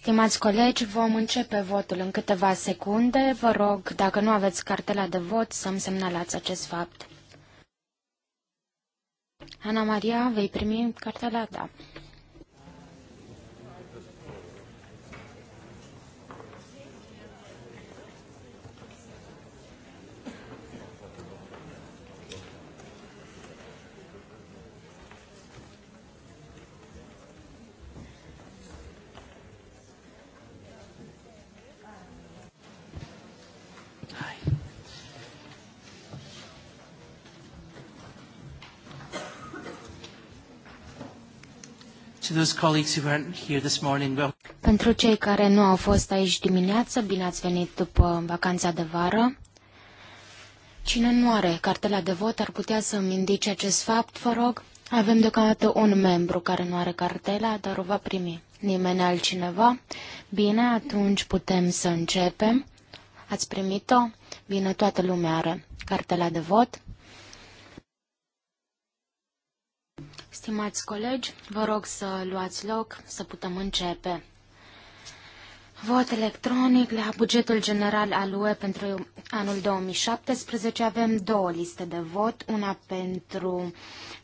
Stimați colegi, vom începe votul în câteva secunde. Vă rog, dacă nu aveți cartela de vot, să-mi semnalați acest fapt. Ana Maria, vei primi cartela? Da. Pentru cei care nu au fost aici dimineață, bine ați venit după vacanța de vară. Cine nu are cartela de vot ar putea să îmi indice acest fapt, vă rog. Avem deocamdată un membru care nu are cartela, dar o va primi. Nimeni altcineva? Bine, atunci putem să începem. Ați primit-o? Bine, toată lumea are cartela de vot. Stimați colegi, vă rog să luați loc, să putem începe. Vot electronic la bugetul general al UE pentru anul 2017. Avem două liste de vot, una pentru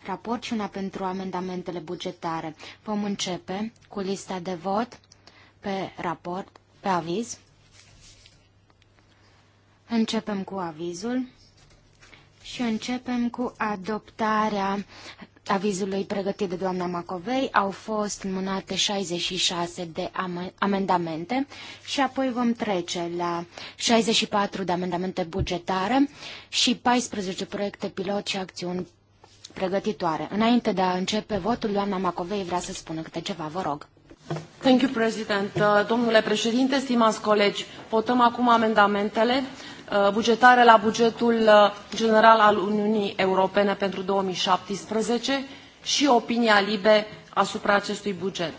raport și una pentru amendamentele bugetare. Vom începe cu lista de vot pe raport, pe aviz. Începem cu avizul și începem cu adoptarea avizului pregătit de doamna Macovei au fost mânate 66 de amendamente și apoi vom trece la 64 de amendamente bugetare și 14 proiecte pilot și acțiuni pregătitoare. Înainte de a începe votul, doamna Macovei vrea să spună câte ceva, vă rog. Thank you, President. Uh, domnule președinte, stimați colegi, votăm acum amendamentele. Uh, bugetare la bugetul uh, general al Uniunii Europene pentru 2017 și opinia LIBE asupra acestui buget.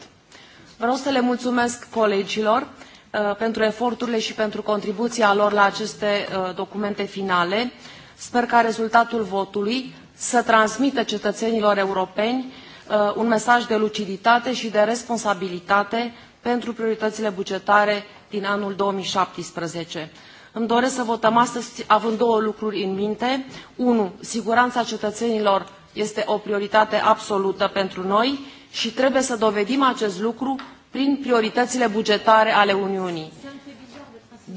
Vreau să le mulțumesc colegilor uh, pentru eforturile și pentru contribuția lor la aceste documente finale. Sper ca rezultatul votului să transmită cetățenilor europeni un mesaj de luciditate și de responsabilitate pentru prioritățile bugetare din anul 2017. Îmi doresc să votăm astăzi având două lucruri în minte. Unu, siguranța cetățenilor este o prioritate absolută pentru noi și trebuie să dovedim acest lucru prin prioritățile bugetare ale Uniunii.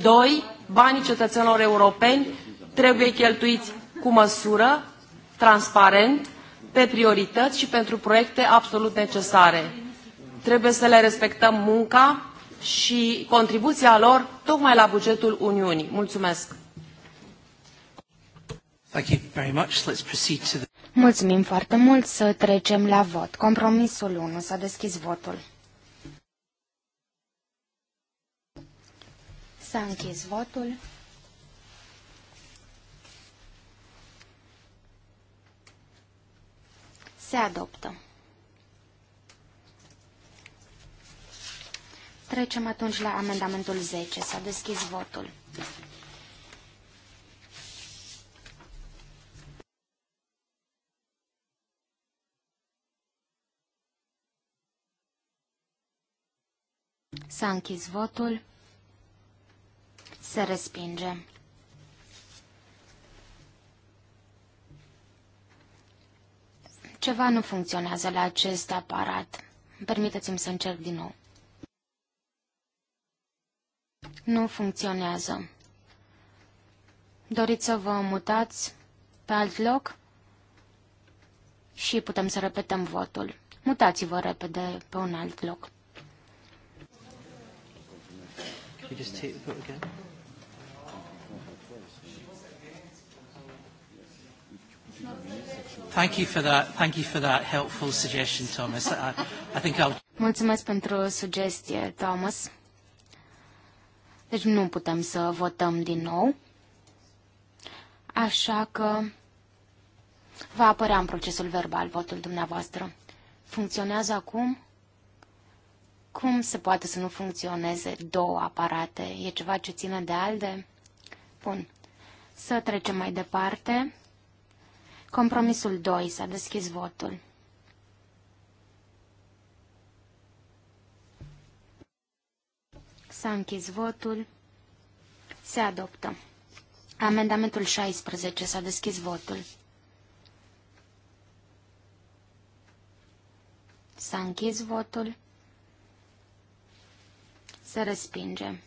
Doi, banii cetățenilor europeni trebuie cheltuiți cu măsură, transparent, pe priorități și pentru proiecte absolut necesare. Trebuie să le respectăm munca, și contribuția lor tocmai la bugetul Uniunii. Mulțumesc! Thank you very much. Let's proceed to the... Mulțumim foarte mult să trecem la vot. Compromisul 1. S-a deschis votul. S-a închis votul. Se adoptă. Trecem atunci la amendamentul 10. S-a deschis votul. S-a închis votul. Se respinge. Ceva nu funcționează la acest aparat. Permiteți-mi să încerc din nou nu funcționează. Doriți să vă mutați pe alt loc? Și putem să repetăm votul. Mutați-vă repede pe un alt loc. Thank you for that. Thank you for that helpful suggestion, Thomas. I, I think I'll. Mulțumesc pentru sugestie, Thomas. Deci nu putem să votăm din nou. Așa că va apărea în procesul verbal votul dumneavoastră. Funcționează acum? Cum se poate să nu funcționeze două aparate? E ceva ce ține de alde? Bun. Să trecem mai departe. Compromisul 2. S-a deschis votul. S-a închis votul. Se adoptă. Amendamentul 16. S-a deschis votul. S-a închis votul. Se respinge.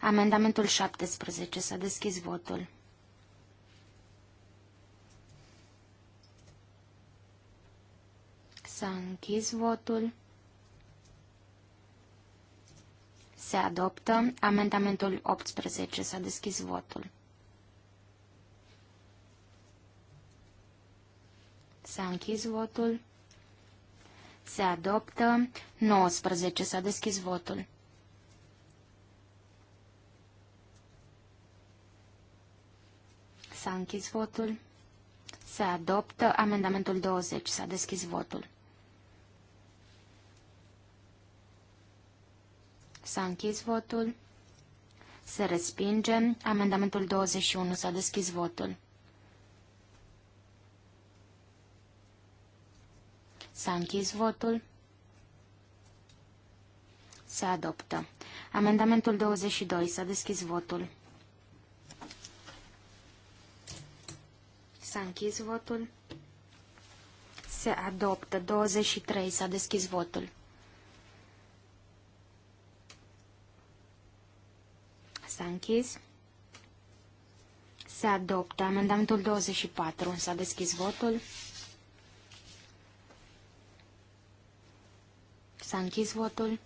Amendamentul 17. S-a deschis votul. S-a închis votul. Se adoptă. Amendamentul 18. S-a deschis votul. S-a închis votul. Se adoptă. 19. S-a deschis votul. S-a închis votul. Se adoptă. Amendamentul 20. S-a deschis votul. S-a închis votul. Se respinge. Amendamentul 21. S-a deschis votul. S-a închis votul. Se adoptă. Amendamentul 22. S-a deschis votul. S-a închis votul. Se adoptă. 23. S-a deschis votul. S-a închis. Se adoptă. Amendamentul 24. S-a deschis votul. S-a închis votul.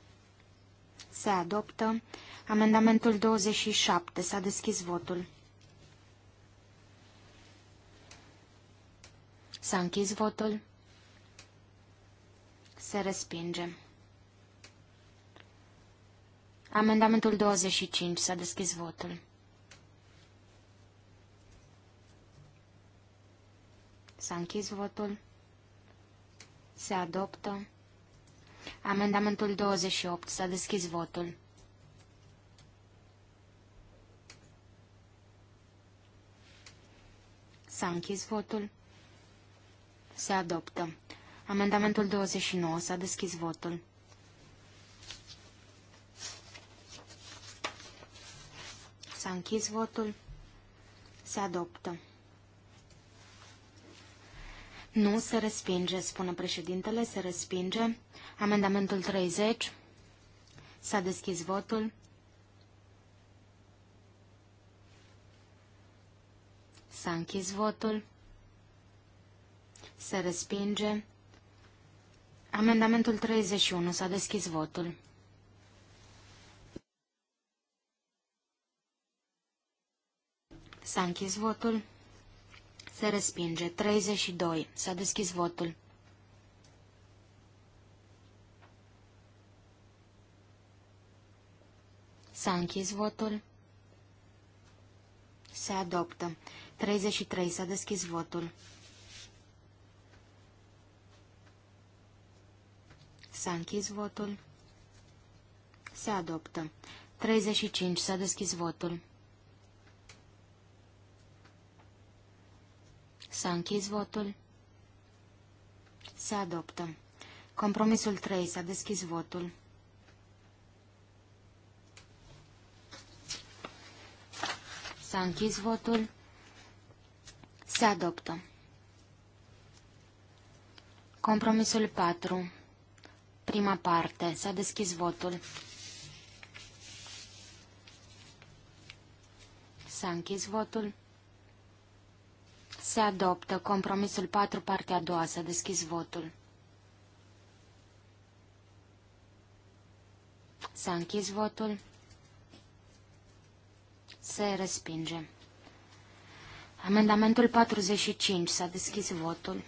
Se adoptă. Amendamentul 27. S-a deschis votul. S-a închis votul. Se respinge. Amendamentul 25. S-a deschis votul. S-a închis votul. Se adoptă. Amendamentul 28. S-a deschis votul. S-a închis votul. Se adoptă. Amendamentul 29. S-a deschis votul. S-a închis votul. Se adoptă. Nu se respinge, spune președintele, se respinge. Amendamentul 30. S-a deschis votul. S-a închis votul. Se respinge. Amendamentul 31. S-a deschis votul. S-a închis votul. Se respinge. 32. S-a deschis votul. S-a închis votul. Se adoptă. 33. S-a deschis votul. S-a închis votul. Se adoptă. 35. S-a deschis votul. S-a închis votul. Se adoptă. Compromisul 3. S-a deschis votul. S-a închis votul. Se adoptă. Compromisul 4. Prima parte. S-a deschis votul. S-a închis votul. Se adoptă. Compromisul 4, partea a doua. S-a deschis votul. S-a închis votul. Se respinge. Amendamentul 45. S-a deschis votul.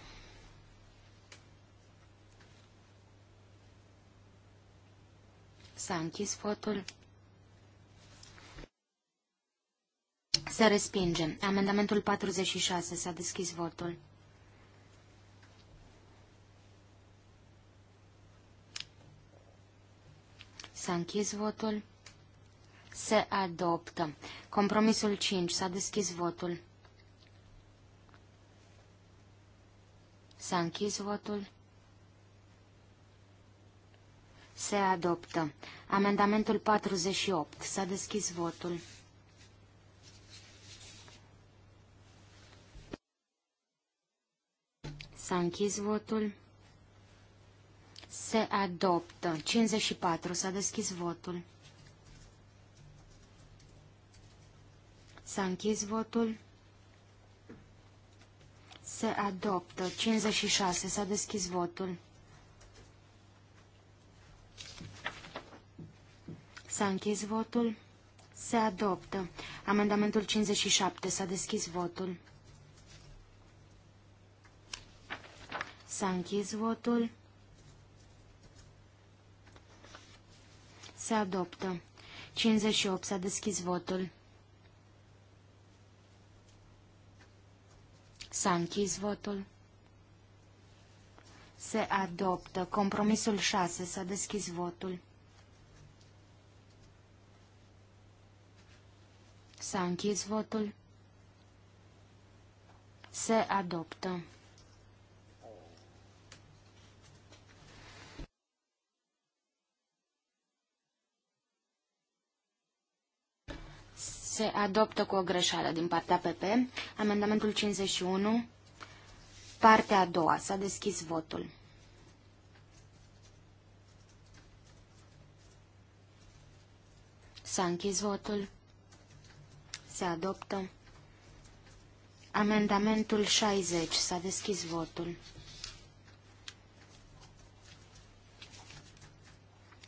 S-a închis votul. Se respinge. Amendamentul 46. S-a deschis votul. S-a închis votul. Se adoptă. Compromisul 5. S-a deschis votul. S-a închis votul. Se adoptă. Amendamentul 48. S-a deschis votul. S-a închis votul. Se adoptă. 54. S-a deschis votul. S-a închis votul. Se adoptă. 56. S-a deschis votul. S-a închis votul. Se adoptă. Amendamentul 57. S-a deschis votul. S-a închis votul. Se adoptă. 58. S-a deschis votul. S-a închis votul. Se adoptă. Compromisul 6. S-a deschis votul. S-a închis votul. Se adoptă. se adoptă cu o greșeală din partea PP. Amendamentul 51, partea a doua. S-a deschis votul. S-a închis votul. Se adoptă. Amendamentul 60. S-a deschis votul.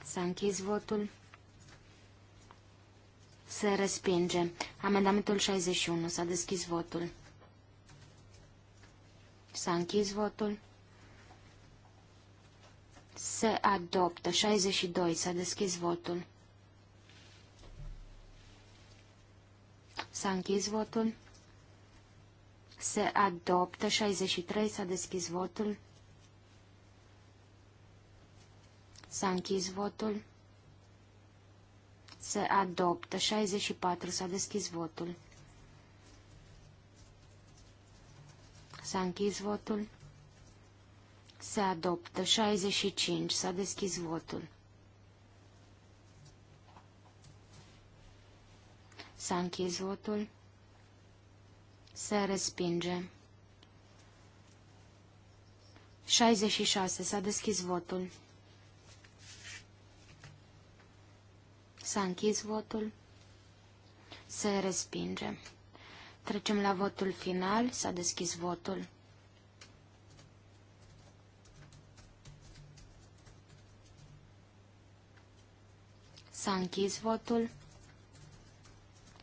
S-a închis votul. Se respinge. Amendamentul 61. S-a deschis votul. S-a închis votul. Se adoptă. 62. S-a deschis votul. S-a închis votul. Se adoptă. 63. S-a deschis votul. S-a închis votul se adoptă. 64. S-a deschis votul. S-a închis votul. Se adoptă. 65. S-a deschis votul. S-a închis votul. Se respinge. 66. S-a deschis votul. S-a închis votul. Se respinge. Trecem la votul final. S-a deschis votul. S-a închis votul.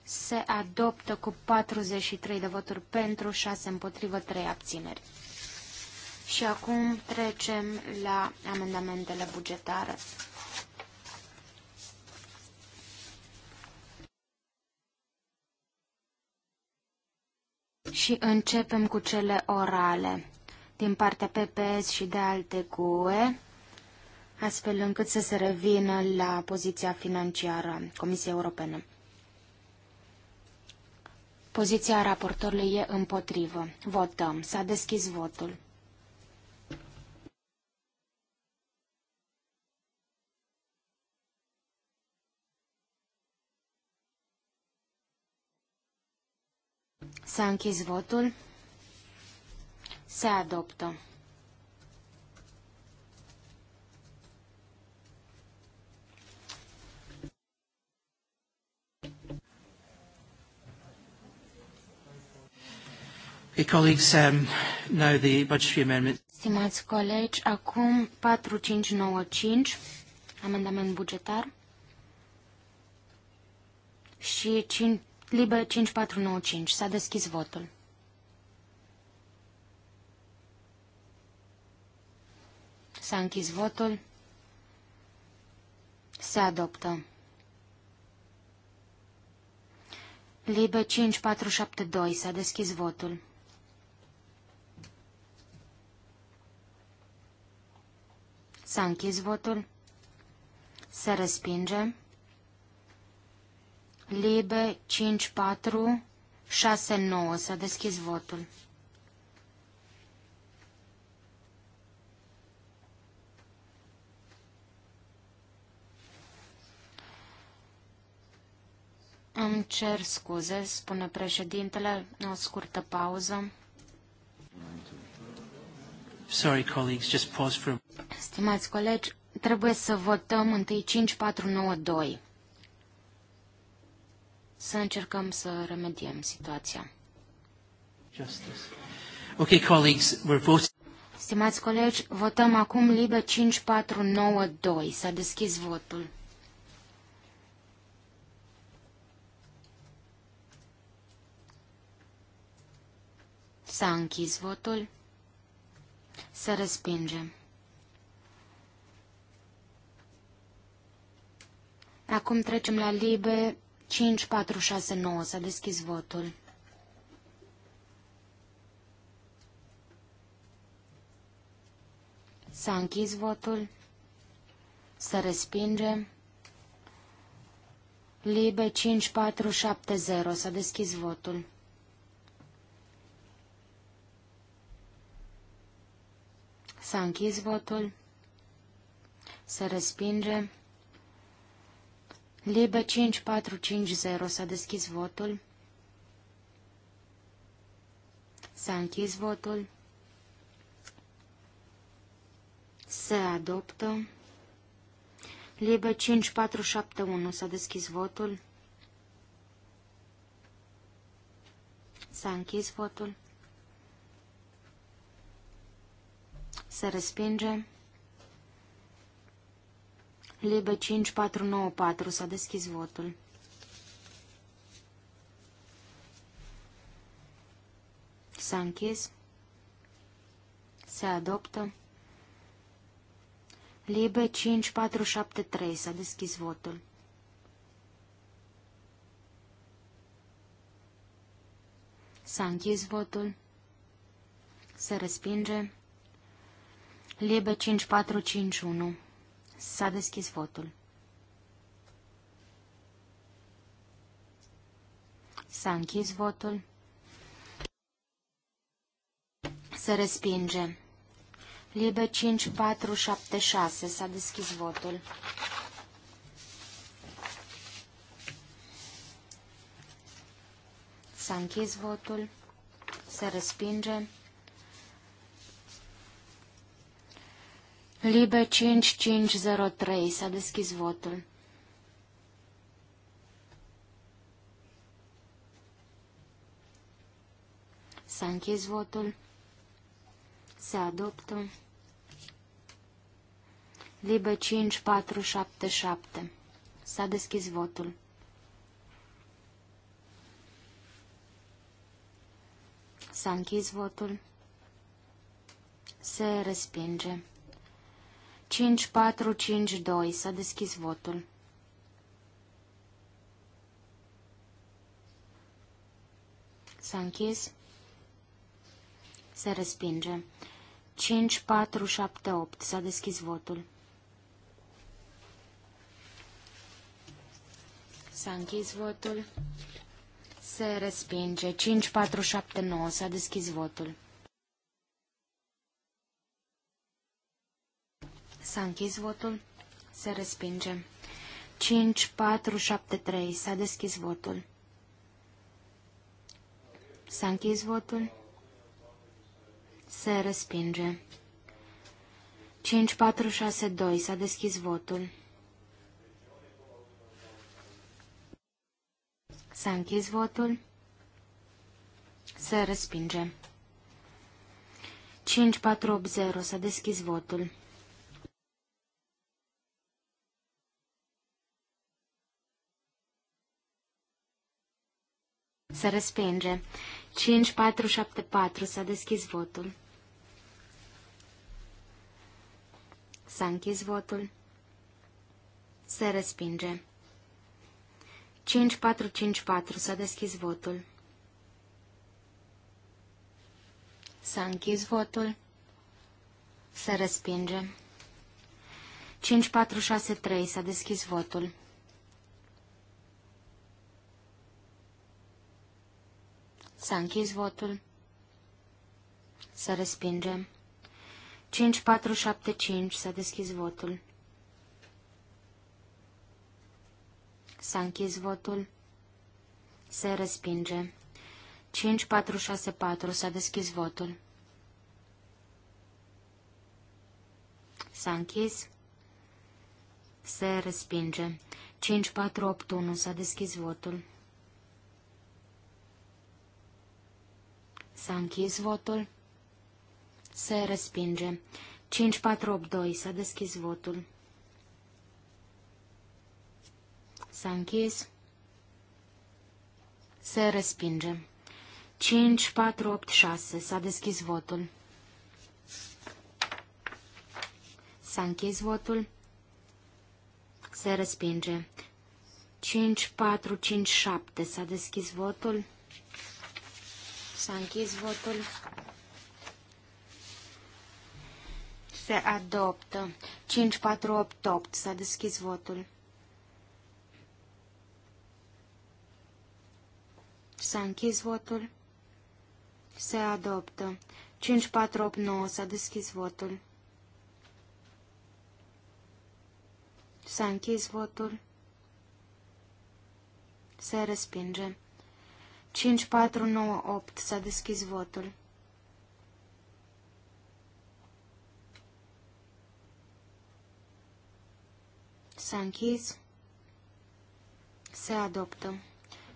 Se adoptă cu 43 de voturi pentru, 6 împotrivă, 3 abțineri. Și acum trecem la amendamentele bugetare. Și începem cu cele orale, din partea PPS și de alte GUE, astfel încât să se revină la poziția financiară Comisiei Europene. Poziția raportorului e împotrivă. Votăm. S-a deschis votul. S-a închis votul. Se adoptă. Um, Stimați colegi, acum 4595, amendament bugetar, și 5, Libe 5495. S-a deschis votul. S-a închis votul. Se adoptă. Libe 5472. S-a deschis votul. S-a închis votul. Se respinge. Libe 5469. S-a deschis votul. Îmi cer scuze, spune președintele, o scurtă pauză. Sorry, colleagues, just pause for... Stimați colegi, trebuie să votăm întâi 5492 să încercăm să remediem situația. Okay, colleagues, we're voting. Stimați colegi, votăm acum libe 5492. S-a deschis votul. S-a închis votul. Se respinge. Acum trecem la libe 9. s-a deschis votul. S-a închis votul. să respingem, Libe 5470. S-a deschis votul. S-a închis votul. să respingem. Libe 5450 s-a deschis votul. S-a închis votul. Se adoptă. Libe 5471 s-a deschis votul. S-a închis votul. Se respinge. Lebe 5494. S-a deschis votul. S-a închis. Se adoptă. Libe 5473. S-a deschis votul. S-a închis votul. Se respinge. Libe 5451. S-a deschis votul. S-a închis votul. Se respinge. Libe 6. S-a deschis votul. S-a închis votul. Se respinge. Libe 5503. S-a deschis votul. S-a închis votul. Se adoptă. Libe 5477. S-a deschis votul. S-a închis votul. Se respinge. 5452. S-a deschis votul. S-a închis. Se respinge. 5478. S-a deschis votul. S-a închis votul. Se respinge. 5479. S-a deschis votul. S-a închis votul. Se respinge. 5, 4, 7, 3. S-a deschis votul. S-a închis votul. Se respinge. 5, 4, 6, 2. S-a deschis votul. S-a închis votul. Se respinge. 5480. S-a deschis votul. să respinge. 5474. S-a deschis votul. S-a închis votul. Se respinge. 5454. S-a deschis votul. S-a închis votul. Se respinge. 5463. S-a deschis votul. S-a închis votul. Să respingem. 5475. S-a deschis votul. S-a închis votul. Se respinge. 5464. S-a deschis votul. S-a închis. Se respinge. 5481. S-a deschis votul. S-a închis votul. Se respinge. 5482. S-a deschis votul. S-a închis. Se respinge. 5486. S-a deschis votul. S-a închis votul. Se respinge. 5457. S-a deschis votul. S-a închis votul. Se adoptă. 5488. S-a deschis votul. S-a închis votul. Se adoptă. 5489. S-a deschis votul. S-a închis votul. Se respinge. 5498. S-a deschis votul. S-a închis. Se adoptă.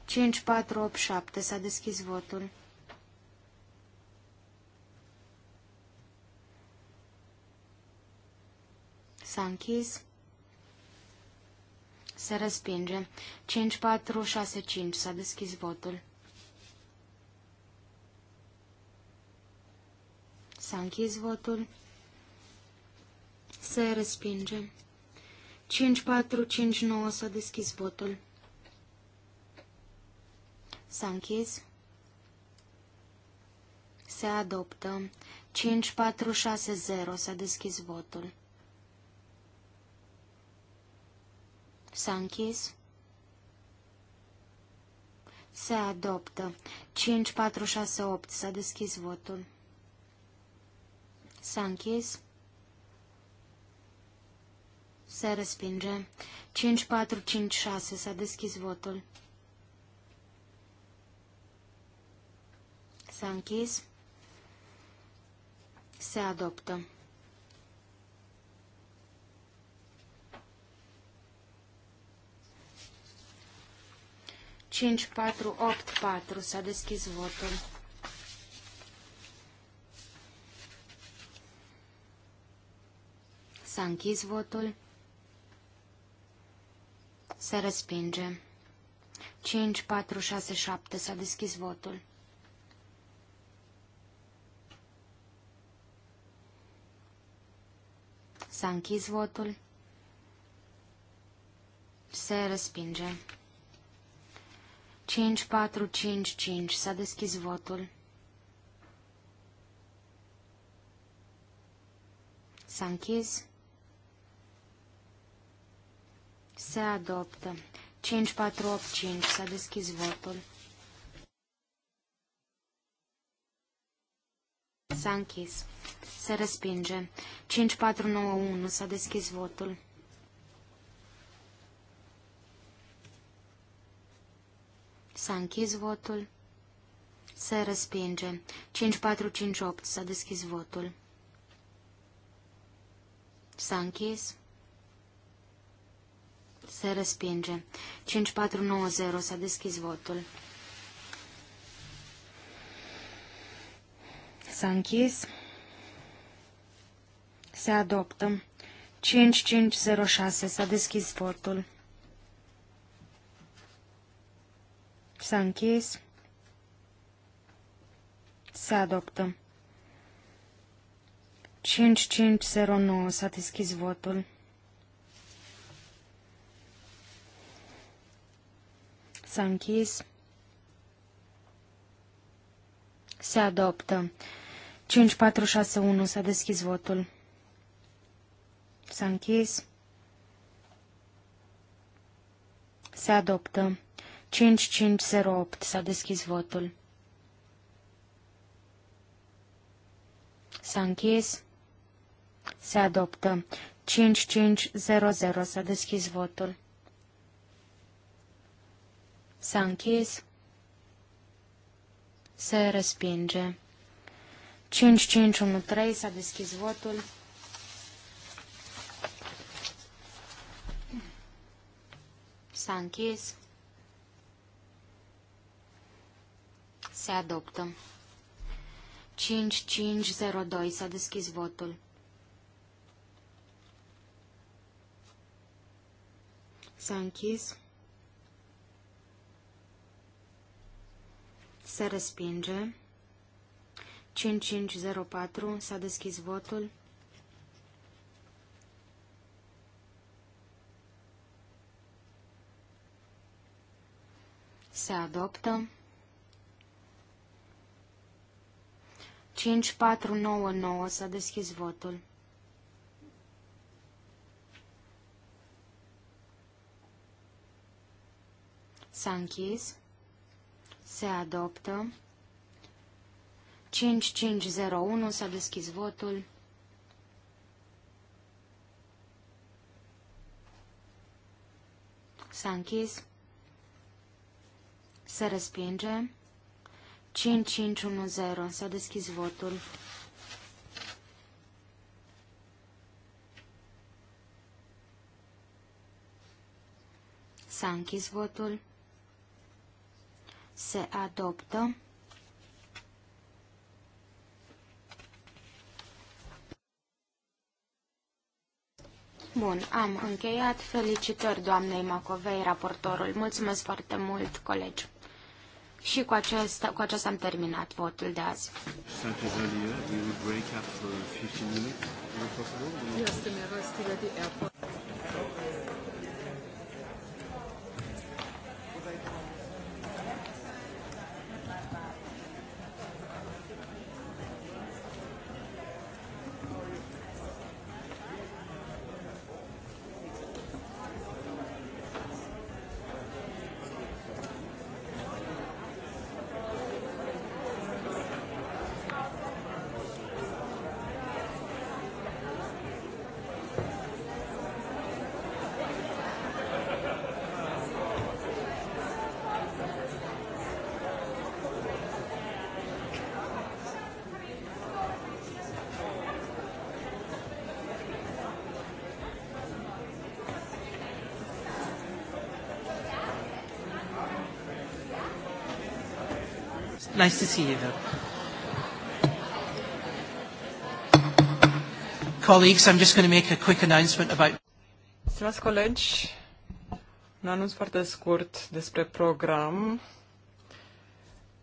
5487. S-a deschis votul. S-a închis. Se respinge. 5465. S-a deschis votul. S-a închis votul. Se respinge. 5-4-5-9 s-a deschis votul. S-a închis. Se adoptă. 5460 s-a deschis votul. S-a închis. Se adoptă. 5468 s-a deschis votul. S-a închis. Se respinge. 5-4-5-6. S-a deschis votul. S-a închis. Se adoptă. Cinci, patru, opt, patru. S-a deschis votul. S-a închis votul. Se respinge. 5, 4, 6, 7. S-a deschis votul. S-a închis votul. Se respinge. 5, 4, 5, 5. S-a deschis votul. S-a închis. Se adoptă. 5485. S-a deschis votul. S-a închis. Se respinge. 5491. S-a deschis votul. S-a închis votul. Se respinge. 5458. S-a deschis votul. S-a închis. Se respinge. 5490. S-a deschis votul. S-a închis. Se adoptă. 5506. S-a deschis votul. S-a închis. Se adoptă. 5509. S-a deschis votul. S-a închis. Se adoptă. 5461 s-a deschis votul. S-a închis. Se adoptă. 5508 s-a deschis votul. S-a închis. Se adoptă. 5500 s-a deschis votul. S-a închis. Se respinge. 5513 s-a deschis votul. S-a închis. Se adoptă. 5502 s-a deschis votul. S-a închis. Se respinge. 5504. S-a deschis votul. Se adoptă. 5499 s-a deschis votul. S-a închis. Se adoptă. 5501 s-a deschis votul. S-a închis. Se respinge. 5510 s-a deschis votul. S-a închis votul se adoptă. Bun, am încheiat. Felicitări doamnei Macovei, raportorul. Mulțumesc foarte mult, colegi. Și cu acesta, cu acesta am terminat votul de azi. Nice to see you, Colleagues, I'm just going to make a quick announcement about... Stimați colegi, un anunț foarte scurt despre program.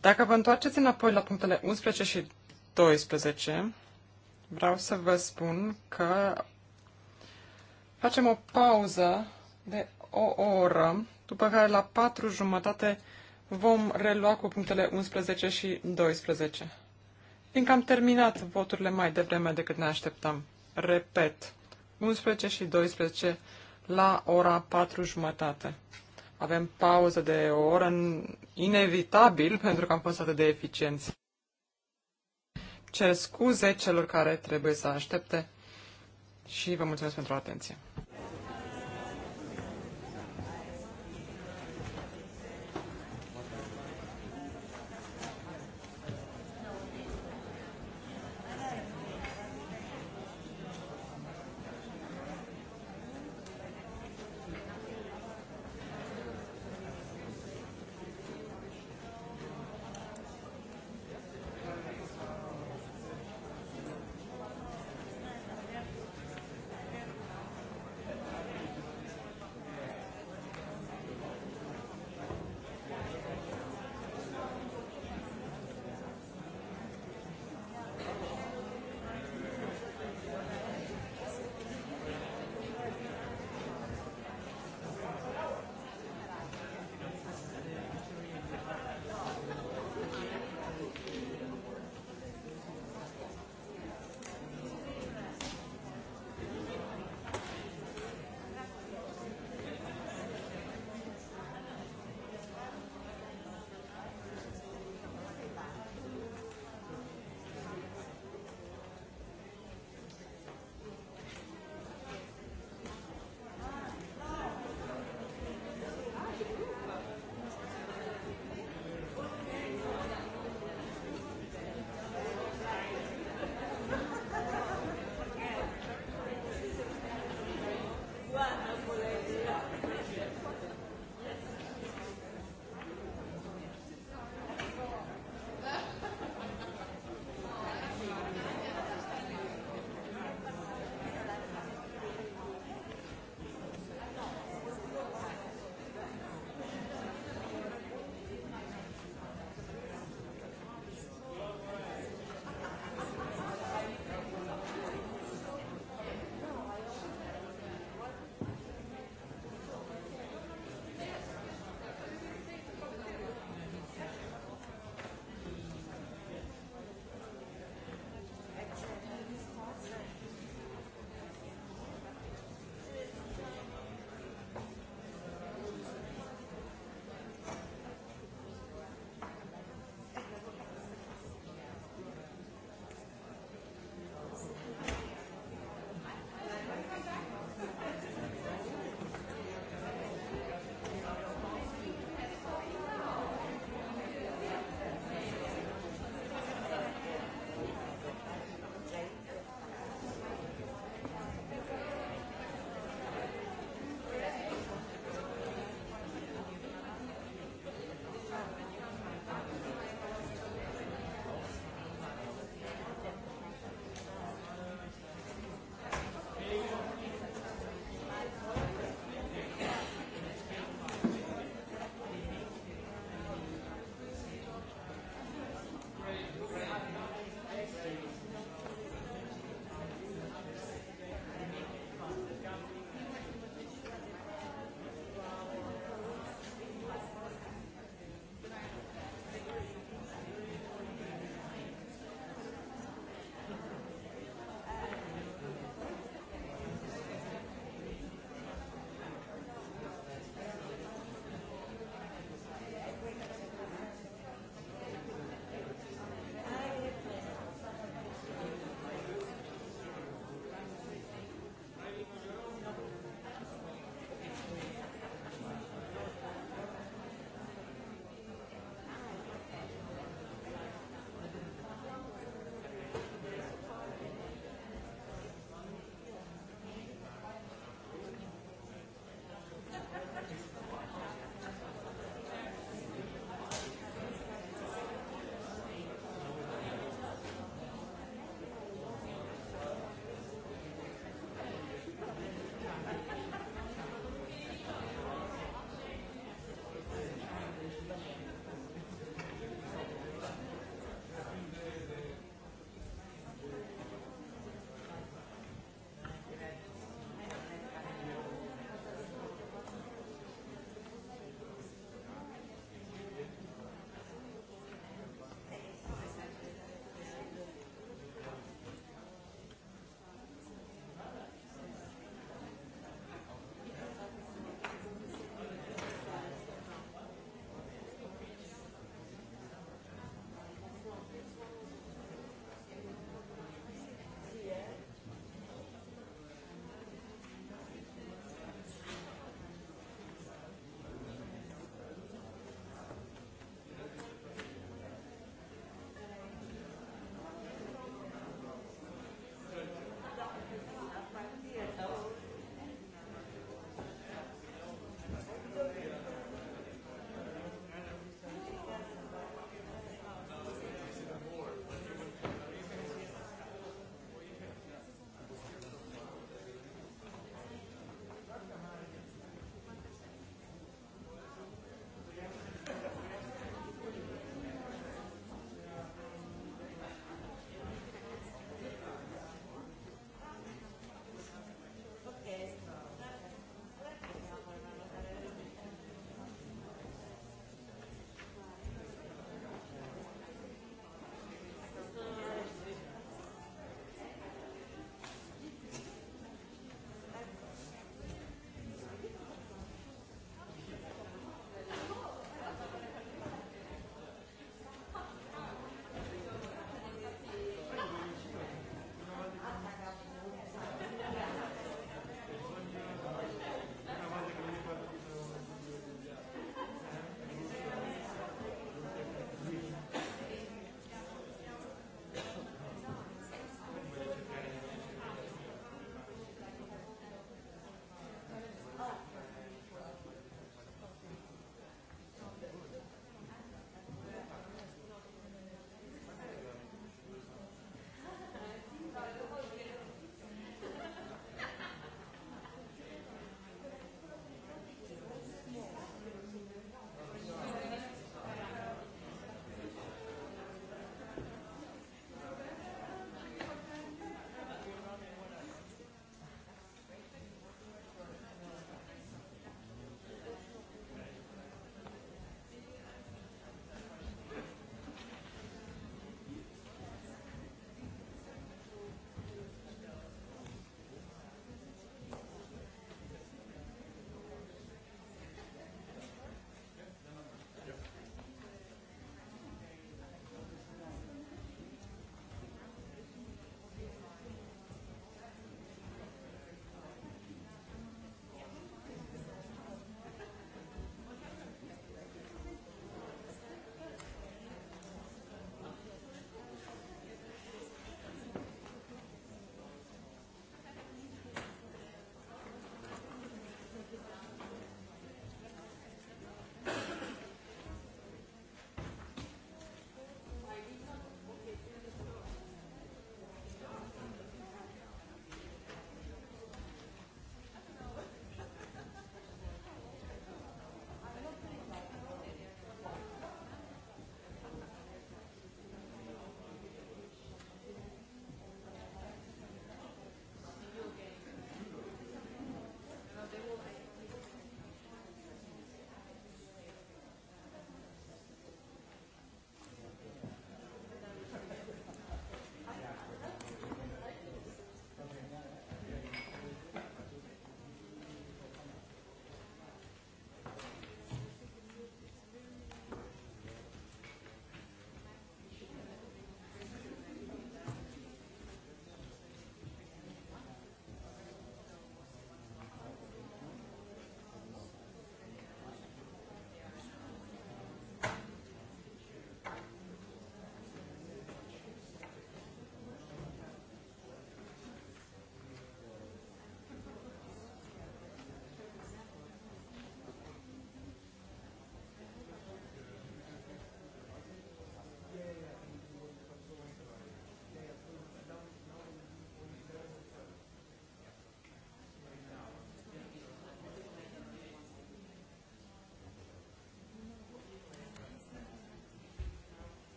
Dacă vă întoarceți înapoi la punctele 11 și 12, vreau să vă spun că facem o pauză de o oră, după care la patru jumătate Vom relua cu punctele 11 și 12. Fiindcă am terminat voturile mai devreme decât ne așteptam. Repet, 11 și 12 la ora 4 jumătate. Avem pauză de o oră inevitabil pentru că am fost atât de eficienți. Cer scuze celor care trebuie să aștepte și vă mulțumesc pentru atenție.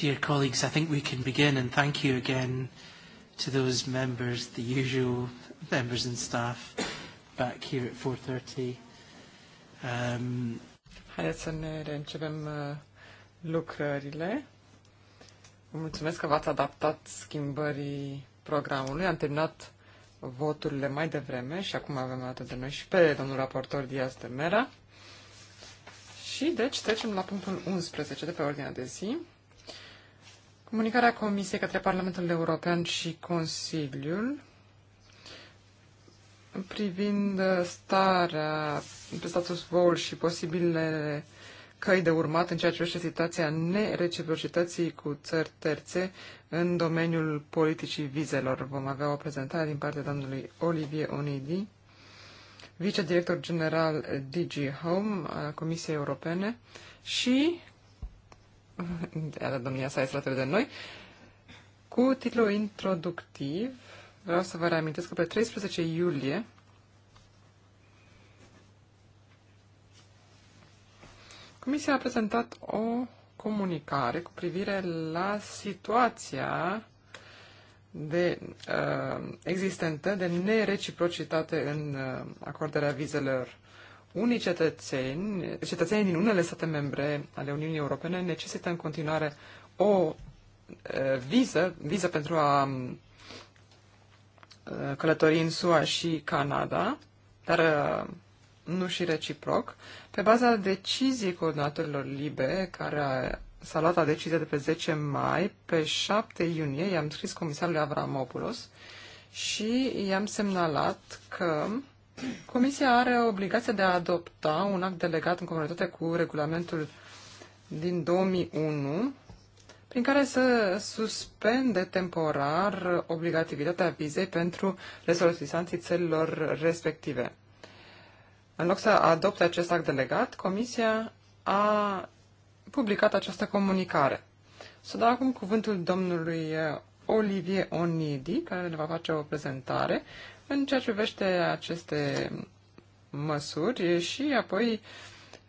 Dear colleagues, I think we can begin and thank you again to those members, the usual members and staff back here at 4.30. Um, Haideți să ne reîncepem uh, lucrările. Mulțumesc că v-ați adaptat schimbării programului. Am terminat voturile mai devreme și acum avem atât de noi și pe domnul raportor Diaz de Mera. Și deci trecem la punctul 11 de pe ordinea de zi. Comunicarea Comisiei către Parlamentul European și Consiliul privind starea, status quo și posibile căi de urmat în ceea ce privește situația nereciprocității cu țări terțe în domeniul politicii vizelor. Vom avea o prezentare din partea domnului Olivier Onidi, vicedirector general DG Home a Comisiei Europene și domnia sa este alături de noi, cu titlul introductiv. Vreau să vă reamintesc că pe 13 iulie Comisia a prezentat o comunicare cu privire la situația de uh, existentă de nereciprocitate în uh, acordarea vizelor unii cetățeni, cetățenii din unele state membre ale Uniunii Europene necesită în continuare o viză, viză pentru a călători în SUA și Canada, dar nu și reciproc, pe baza deciziei coordonatorilor libe care s-a luat a decizia de pe 10 mai, pe 7 iunie i-am scris comisarului Avramopoulos și i-am semnalat că Comisia are obligația de a adopta un act delegat în conformitate cu regulamentul din 2001, prin care să suspende temporar obligativitatea vizei pentru resortisanții țărilor respective. În loc să adopte acest act delegat, Comisia a publicat această comunicare. Să dau acum cuvântul domnului Olivier Onidi, care ne va face o prezentare în ceea ce privește aceste măsuri și apoi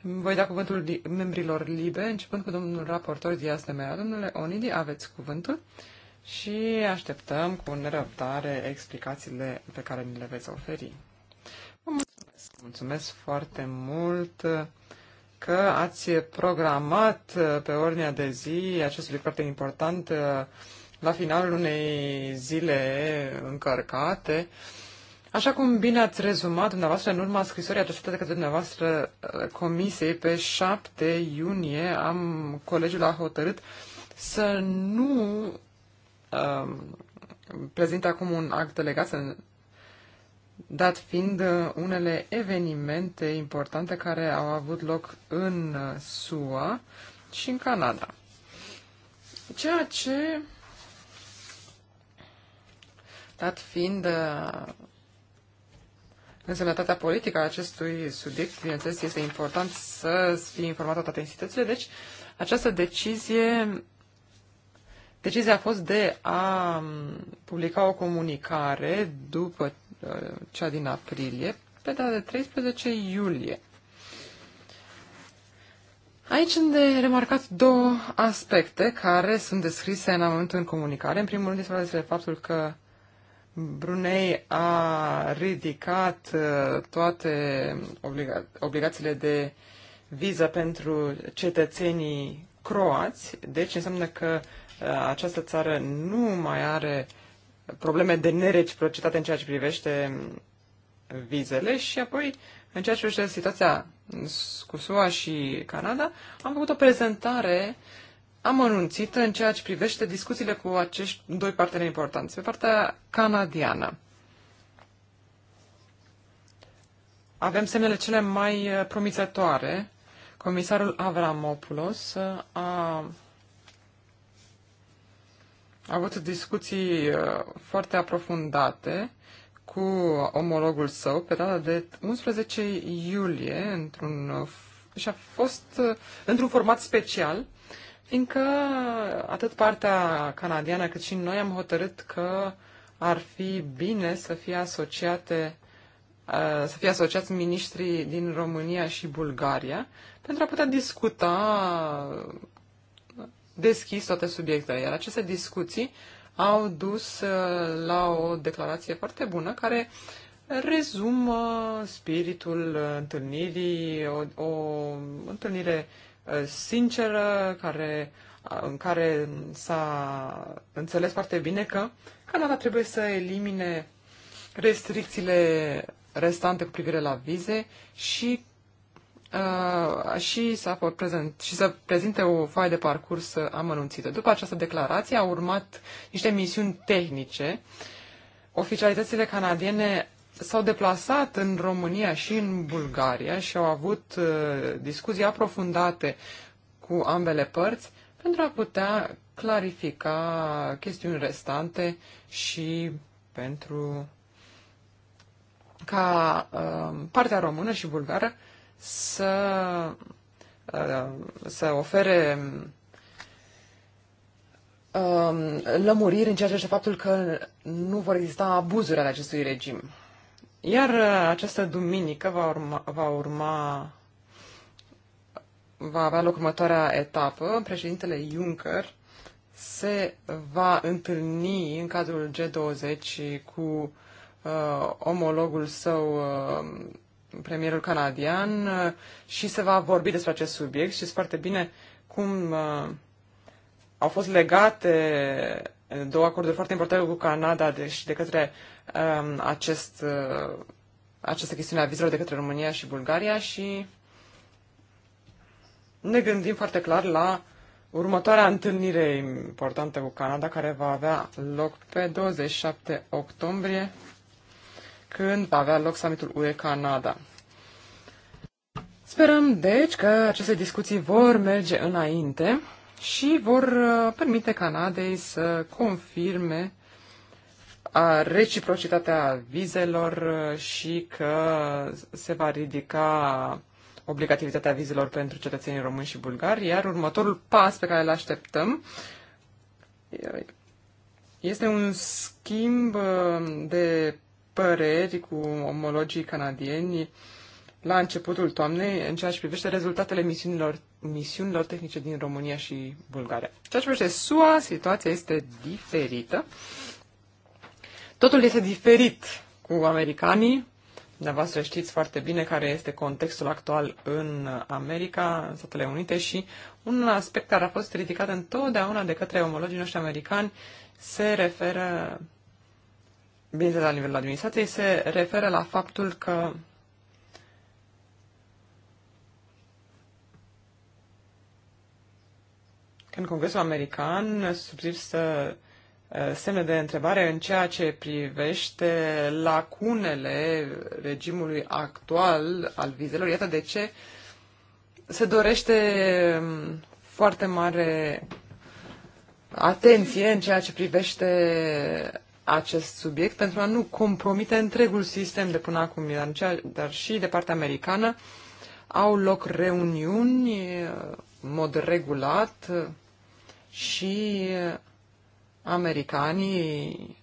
voi da cuvântul li- membrilor libe, începând cu domnul raportor Diaz de Mera. Domnule Onidi, aveți cuvântul și așteptăm cu nerăbdare explicațiile pe care ni le veți oferi. Vă mulțumesc, mulțumesc foarte mult că ați programat pe ordinea de zi acest subiect foarte important la finalul unei zile încărcate. Așa cum bine ați rezumat dumneavoastră în urma scrisorii adresată de către dumneavoastră uh, comisiei, pe 7 iunie am, colegiul a hotărât să nu um, prezint acum un act legat, să, dat fiind uh, unele evenimente importante care au avut loc în uh, SUA și în Canada. Ceea ce dat fiind însemnătatea politică a acestui subiect, bineînțeles, este important să fie informată toate instituțiile, deci această decizie, decizia a fost de a publica o comunicare după uh, cea din aprilie, pe data de 13 iulie. Aici sunt de remarcat două aspecte care sunt descrise în momentul în comunicare. În primul rând este despre faptul că uh, Brunei a ridicat uh, toate obliga- obligațiile de viză pentru cetățenii croați, deci înseamnă că uh, această țară nu mai are probleme de nereciprocitate în ceea ce privește vizele și apoi în ceea ce privește situația cu SUA și Canada, am făcut o prezentare uh, amănunțită în ceea ce privește discuțiile cu acești doi parteneri importanți. Pe partea canadiană, avem semnele cele mai uh, promițătoare. Comisarul Avramopoulos a uh, a avut discuții uh, foarte aprofundate cu omologul său pe data de 11 iulie într-un, și a fost într-un format special încă atât partea canadiană cât și noi am hotărât că ar fi bine să fie asociate uh, să fie asociați miniștrii din România și Bulgaria pentru a putea discuta deschis toate subiectele. Iar aceste discuții au dus uh, la o declarație foarte bună care rezumă spiritul uh, întâlnirii, o, o întâlnire Uh, sinceră, care, uh, în care s-a înțeles foarte bine că Canada trebuie să elimine restricțiile restante cu privire la vize și, uh, și, să prezent, și să prezinte o foaie de parcurs amănunțită. După această declarație au urmat niște misiuni tehnice. Oficialitățile canadiene s-au deplasat în România și în Bulgaria și au avut uh, discuții aprofundate cu ambele părți pentru a putea clarifica chestiuni restante și pentru ca uh, partea română și bulgară să, uh, să ofere uh, lămuriri în ceea ce este faptul că nu vor exista abuzuri ale acestui regim. Iar uh, această duminică va urma, va urma va avea loc următoarea etapă. Președintele Juncker se va întâlni în cadrul G20 cu uh, omologul său, uh, premierul canadian, uh, și se va vorbi despre acest subiect. și foarte bine cum uh, au fost legate uh, două acorduri foarte importante cu Canada de, și de către Um, acest, uh, această chestiune a vizelor de către România și Bulgaria și ne gândim foarte clar la următoarea întâlnire importantă cu Canada, care va avea loc pe 27 octombrie, când va avea loc summitul UE-Canada. Sperăm, deci, că aceste discuții vor merge înainte și vor uh, permite Canadei să confirme a reciprocitatea vizelor uh, și că se va ridica obligativitatea vizelor pentru cetățenii români și bulgari, iar următorul pas pe care îl așteptăm este un schimb uh, de păreri cu omologii canadieni la începutul toamnei în ceea ce privește rezultatele misiunilor, misiunilor tehnice din România și Bulgaria. Ceea ce privește SUA, situația este diferită. Totul este diferit cu americanii. Dumneavoastră știți foarte bine care este contextul actual în America, în Statele Unite și un aspect care a fost ridicat întotdeauna de către omologii noștri americani se referă, bineînțeles la nivelul administrației, se referă la faptul că când în Congresul American subsistă Uh, semne de întrebare în ceea ce privește lacunele regimului actual al vizelor. Iată de ce se dorește um, foarte mare atenție în ceea ce privește acest subiect pentru a nu compromite întregul sistem de până acum, dar și de partea americană. Au loc reuniuni uh, în mod regulat uh, și americanii,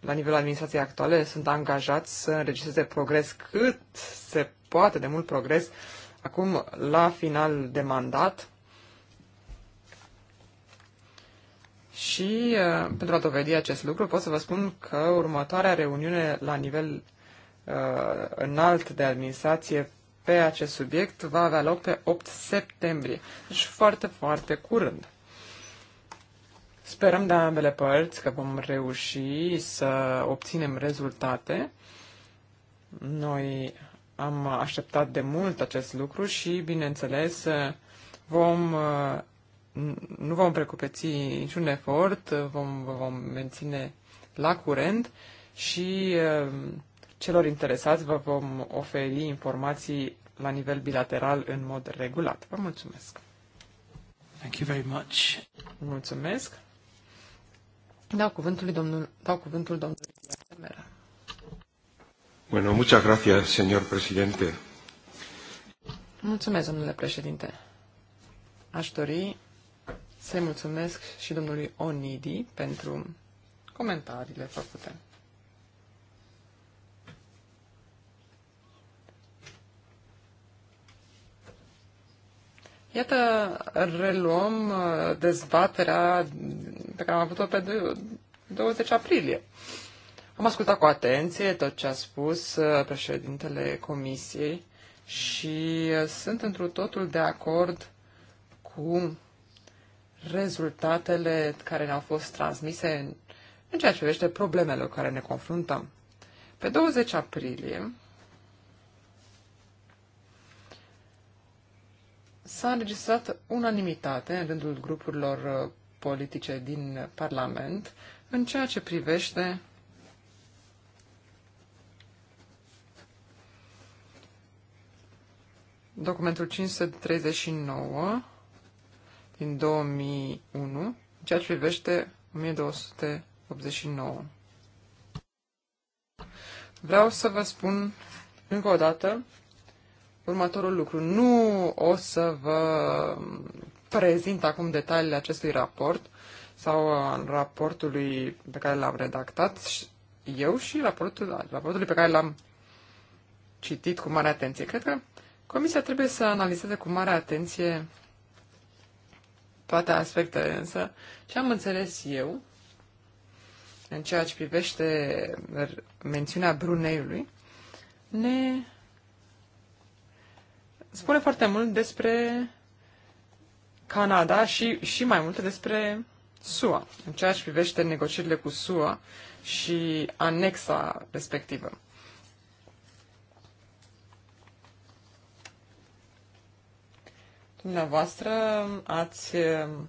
la nivelul administrației actuale, sunt angajați să înregistreze progres cât se poate de mult progres. Acum, la final de mandat, Și uh, pentru a dovedi acest lucru pot să vă spun că următoarea reuniune la nivel uh, înalt de administrație pe acest subiect va avea loc pe 8 septembrie. Deci foarte, foarte curând. Sperăm de ambele părți că vom reuși să obținem rezultate. Noi am așteptat de mult acest lucru și, bineînțeles, vom, nu vom precupeți niciun efort, vom, vom menține la curent și celor interesați vă vom oferi informații la nivel bilateral în mod regulat. Vă mulțumesc! Thank you very much. Mulțumesc! Dau cuvântul domnul, dau cuvântul domnului Mera. Bueno, muchas gracias, señor presidente. Mulțumesc, domnule președinte. Aș dori să-i mulțumesc și domnului Onidi pentru comentariile făcute. Iată, reluăm uh, dezbaterea pe care am avut-o pe 20 aprilie. Am ascultat cu atenție tot ce a spus uh, președintele comisiei și uh, sunt întru totul de acord cu rezultatele care ne-au fost transmise în, ceea ce privește problemele cu care ne confruntăm. Pe 20 aprilie s-a înregistrat unanimitate în rândul grupurilor uh, politice din Parlament în ceea ce privește documentul 539 din 2001, în ceea ce privește 1289. Vreau să vă spun încă o dată următorul lucru. Nu o să vă prezint acum detaliile acestui raport sau al raportului pe care l-am redactat eu și raportul, raportului pe care l-am citit cu mare atenție. Cred că Comisia trebuie să analizeze cu mare atenție toate aspectele, însă ce am înțeles eu în ceea ce privește mențiunea Bruneiului, ne spune foarte mult despre Canada și, și mai multe despre SUA, în ceea ce privește negocierile cu SUA și anexa respectivă. Dumneavoastră ați um,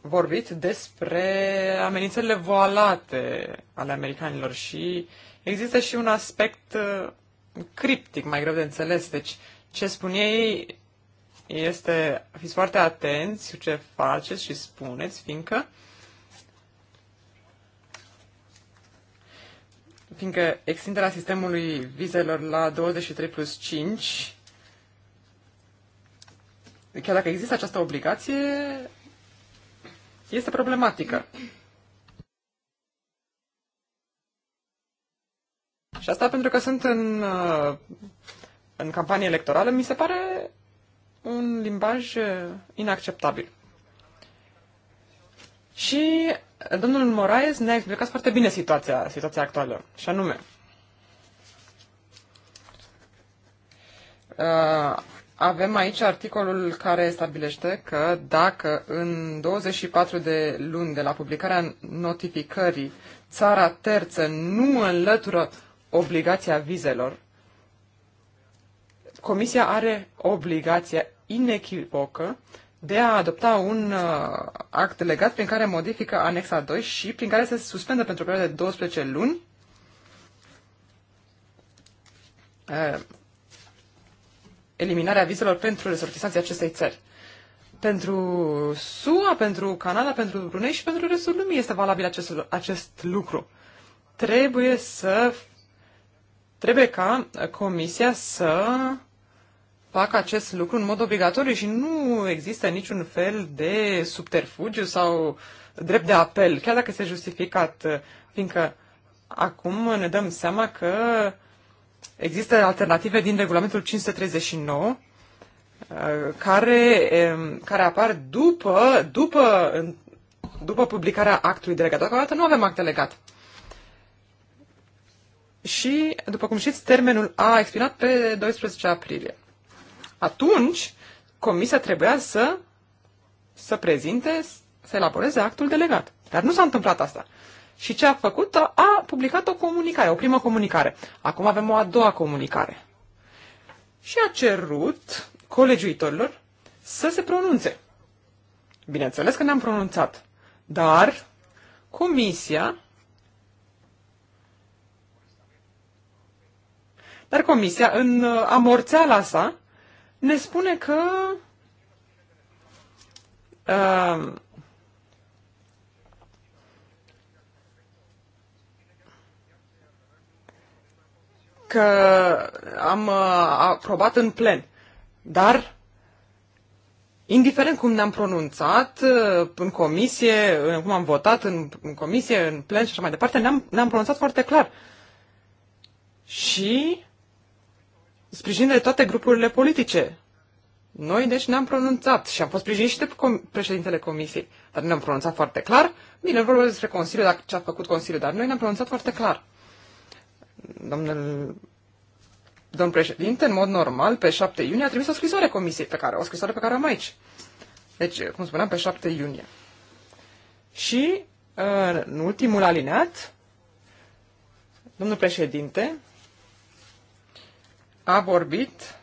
vorbit despre amenințările voalate ale americanilor și există și un aspect uh, criptic, mai greu de înțeles. Deci, ce spun ei este, fiți foarte atenți ce faceți și spuneți, fiindcă fiindcă extinderea sistemului vizelor la 23 plus 5, chiar dacă există această obligație, este problematică. Și asta pentru că sunt în, uh, în campanie electorală, mi se pare un limbaj uh, inacceptabil. Și domnul Moraes ne-a explicat foarte bine situația, situația actuală, și anume. Uh, avem aici articolul care stabilește că dacă în 24 de luni de la publicarea notificării țara terță nu înlătură obligația vizelor, Comisia are obligația inechivocă de a adopta un uh, act legat prin care modifică anexa 2 și prin care se suspendă pentru o perioadă de 12 luni uh, eliminarea vizelor pentru resortisanții acestei țări. Pentru SUA, pentru Canada, pentru Brunei și pentru restul lumii este valabil acest, acest lucru. Trebuie să Trebuie ca Comisia să facă acest lucru în mod obligatoriu și nu există niciun fel de subterfugiu sau drept de apel, chiar dacă este justificat, fiindcă acum ne dăm seama că există alternative din regulamentul 539 care, care apar după, după, după publicarea actului delegat. Deocamdată nu avem act delegat și, după cum știți, termenul a expirat pe 12 aprilie. Atunci, comisia trebuia să, să prezinte, să elaboreze actul delegat. Dar nu s-a întâmplat asta. Și ce a făcut? A publicat o comunicare, o primă comunicare. Acum avem o a doua comunicare. Și a cerut colegiuitorilor să se pronunțe. Bineînțeles că ne-am pronunțat, dar comisia Dar comisia, în uh, amorțeala sa, ne spune că uh, că am uh, aprobat în plen. Dar, indiferent cum ne-am pronunțat în comisie, cum am votat în, în comisie, în plen și așa mai departe, ne-am, ne-am pronunțat foarte clar. Și sprijinit de toate grupurile politice. Noi, deci, ne-am pronunțat și am fost sprijiniți și de com- președintele comisiei, dar ne-am pronunțat foarte clar. Bine, vorbim despre Consiliu, dacă ce a făcut Consiliul, dar noi ne-am pronunțat foarte clar. Domnul domnul președinte, în mod normal, pe 7 iunie a trimis o scrisoare comisiei pe care, o scrisoare pe care am aici. Deci, cum spuneam, pe 7 iunie. Și, uh, în ultimul alineat, domnul președinte a vorbit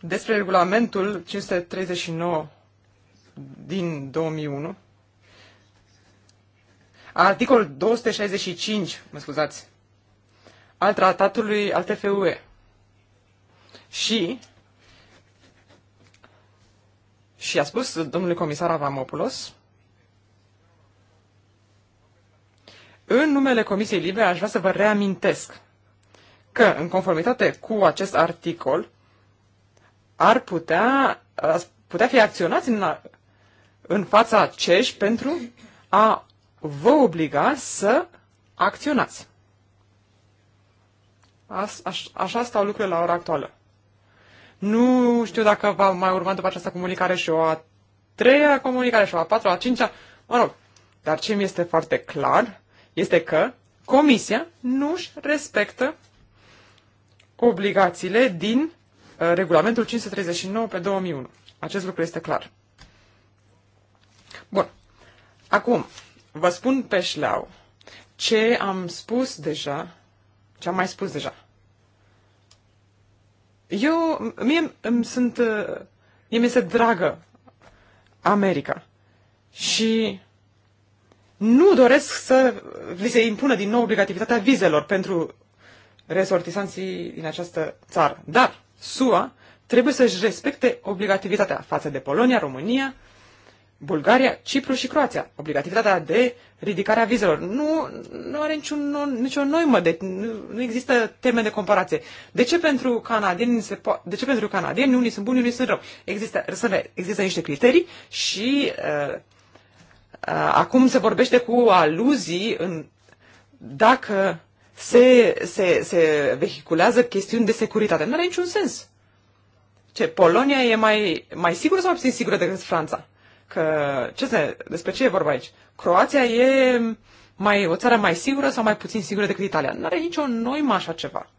despre regulamentul 539 din 2001, articolul 265, mă scuzați, al tratatului al TFUE. Și, și a spus domnului comisar Avramopoulos, în numele Comisiei libere aș vrea să vă reamintesc că, în conformitate cu acest articol, ar putea, ar putea fi acționați în, în fața CEJ pentru a vă obliga să acționați. As, aș, așa stau lucrurile la ora actuală. Nu știu dacă va mai urma după această comunicare și o a treia comunicare și o a patra, a cincea, mă rog. Dar ce mi este foarte clar este că Comisia nu și respectă obligațiile din uh, regulamentul 539 pe 2001. Acest lucru este clar. Bun. Acum, vă spun pe șleau ce am spus deja, ce am mai spus deja. Eu, mie îmi sunt, uh, mie mi se dragă America și nu doresc să li se impună din nou obligativitatea vizelor pentru resortisanții din această țară. Dar SUA trebuie să-și respecte obligativitatea față de Polonia, România, Bulgaria, Cipru și Croația. Obligativitatea de ridicare a vizelor. Nu, nu are niciun, nu, nicio noimă, de, nu, nu există teme de comparație. De ce pentru canadieni, se po- de ce pentru canadieni unii sunt buni, unii sunt rău? Există, există niște criterii și uh, uh, acum se vorbește cu aluzii în dacă se, se, se vehiculează chestiuni de securitate. Nu are niciun sens. Ce, Polonia e mai, mai sigură sau mai puțin sigură decât Franța? Că, ce se, despre ce e vorba aici? Croația e mai, o țară mai sigură sau mai puțin sigură decât Italia? Nu are nicio noimă așa ceva.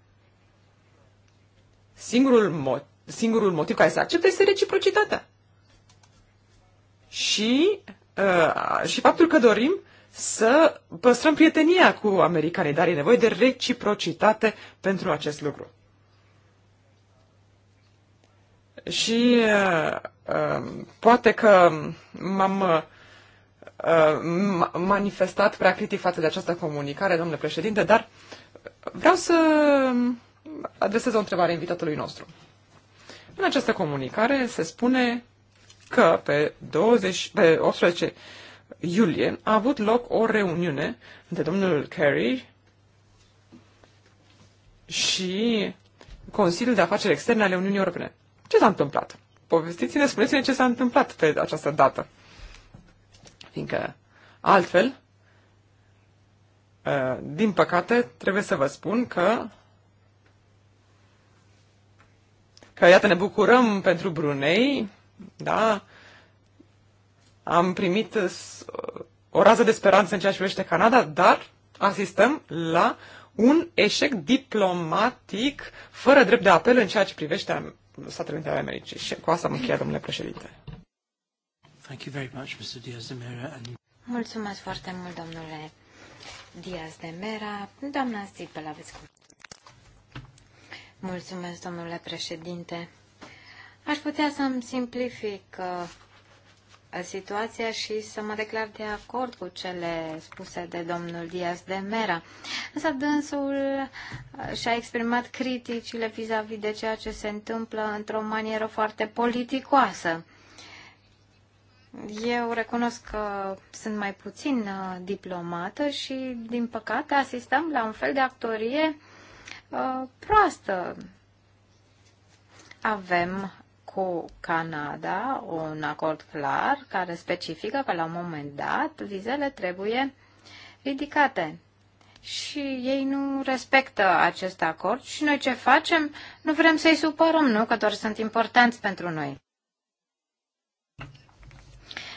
Singurul, mo- singurul motiv care se acceptă este reciprocitatea. Și, uh, și faptul că dorim să păstrăm prietenia cu americanii, dar e nevoie de reciprocitate pentru acest lucru. Și uh, um, poate că m-am uh, manifestat prea critic față de această comunicare, domnule președinte, dar vreau să adresez o întrebare invitatului nostru. În această comunicare se spune că pe, 20, pe 18 iulie a avut loc o reuniune între domnul Kerry și Consiliul de Afaceri Externe ale Uniunii Europene. Ce s-a întâmplat? Povestiți-ne, spuneți-ne ce s-a întâmplat pe această dată. Fiindcă altfel, uh, din păcate, trebuie să vă spun că că iată ne bucurăm pentru Brunei, da, am primit uh, o rază de speranță în ceea ce privește Canada, dar asistăm la un eșec diplomatic fără drept de apel în ceea ce privește Statele Unite ale Americii. Și cu asta am încheiat, domnule președinte. Thank you very much, Mr. Diaz de Mera. And... Mulțumesc foarte mult, domnule Diaz de Mera. Doamna Zipel, aveți cum. Mulțumesc, domnule președinte. Aș putea să-mi simplific uh, situația și să mă declar de acord cu cele spuse de domnul Diaz de Mera. Însă dânsul uh, și-a exprimat criticile vis-a-vis -vis de ceea ce se întâmplă într-o manieră foarte politicoasă. Eu recunosc că sunt mai puțin uh, diplomată și, din păcate, asistăm la un fel de actorie uh, proastă. Avem cu Canada un acord clar care specifică că la un moment dat vizele trebuie ridicate. Și ei nu respectă acest acord și noi ce facem? Nu vrem să-i supărăm, nu? Că doar sunt importanți pentru noi.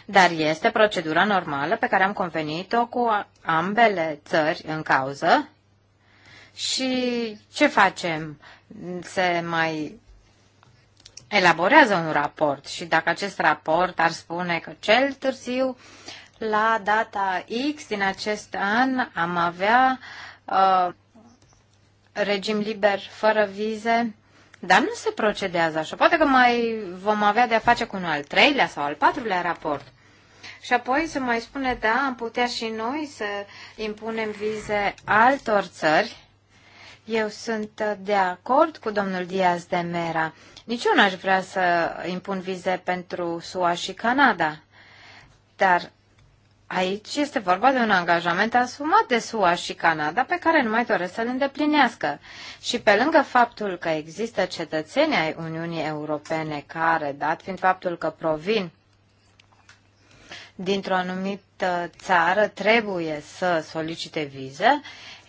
Dar este procedura normală pe care am convenit-o cu ambele țări în cauză. Și ce facem? Se mai elaborează un raport și dacă acest raport ar spune că cel târziu la data X din acest an am avea uh, regim liber fără vize, dar nu se procedează așa. Poate că mai vom avea de-a face cu un al treilea sau al patrulea raport. Și apoi se mai spune, da, am putea și noi să impunem vize altor țări eu sunt de acord cu domnul Diaz de Mera. Nici eu n-aș vrea să impun vize pentru SUA și Canada. Dar aici este vorba de un angajament asumat de SUA și Canada pe care nu mai doresc să-l îndeplinească. Și pe lângă faptul că există cetățeni ai Uniunii Europene care, dat fiind faptul că provin dintr-o anumită țară, trebuie să solicite vize,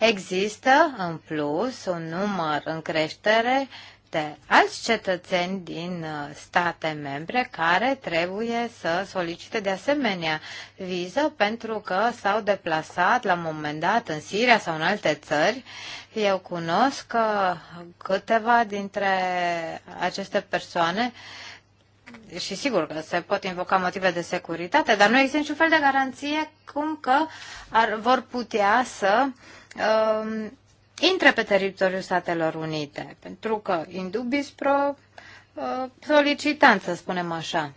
Există, în plus, un număr în creștere de alți cetățeni din uh, state membre care trebuie să solicite de asemenea viză pentru că s-au deplasat la un moment dat în Siria sau în alte țări. Eu cunosc uh, câteva dintre aceste persoane și sigur că se pot invoca motive de securitate, dar nu există niciun fel de garanție cum că ar, vor putea să uh, uh, intre pe teritoriul Statelor Unite, pentru că indubis pro uh, solicitant, să spunem așa.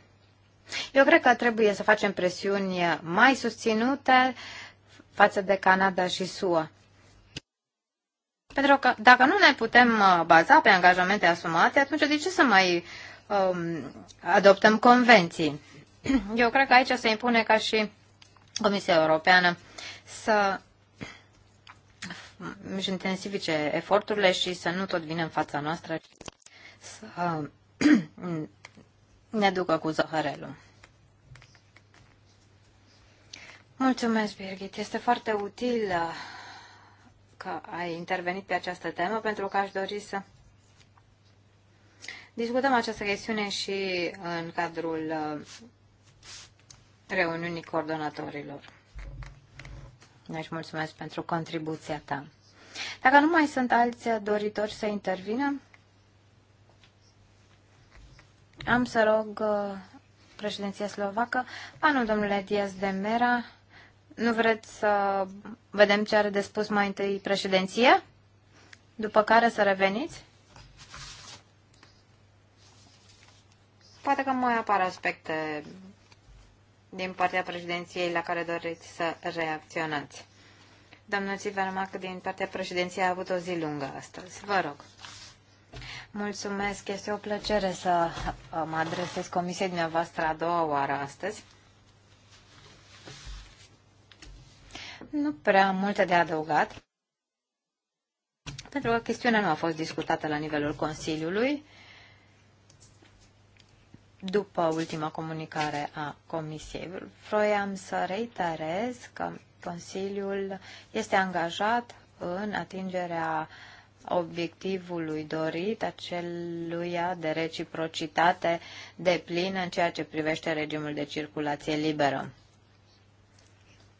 Eu cred că trebuie să facem presiuni mai susținute față de Canada și SUA. Pentru că dacă nu ne putem uh, baza pe angajamente asumate, atunci de ce să mai um, adoptăm convenții? Eu cred că aici se impune ca și Comisia Europeană să își intensifice eforturile și să nu tot vină în fața noastră să ne ducă cu zahărelul. Mulțumesc, Birgit. Este foarte util uh, că ai intervenit pe această temă pentru că aș dori să discutăm această chestiune și în cadrul uh, reuniunii coordonatorilor. Deci mulțumesc pentru contribuția ta. Dacă nu mai sunt alți doritori să intervină, am să rog uh, președinția slovacă. Panul domnule Diaz de Mera, nu vreți să vedem ce are de spus mai întâi președinția? După care să reveniți? Poate că mai apar aspecte din partea președinției la care doriți să reacționați. Domnul Țivermac, din partea președinției, a avut o zi lungă astăzi. Vă rog. Mulțumesc. Este o plăcere să mă adresez comisiei dumneavoastră a doua oară astăzi. Nu prea multe de adăugat, pentru că chestiunea nu a fost discutată la nivelul Consiliului după ultima comunicare a Comisiei. Vroiam să reiterez că Consiliul este angajat în atingerea obiectivului dorit, aceluia de reciprocitate de plină în ceea ce privește regimul de circulație liberă.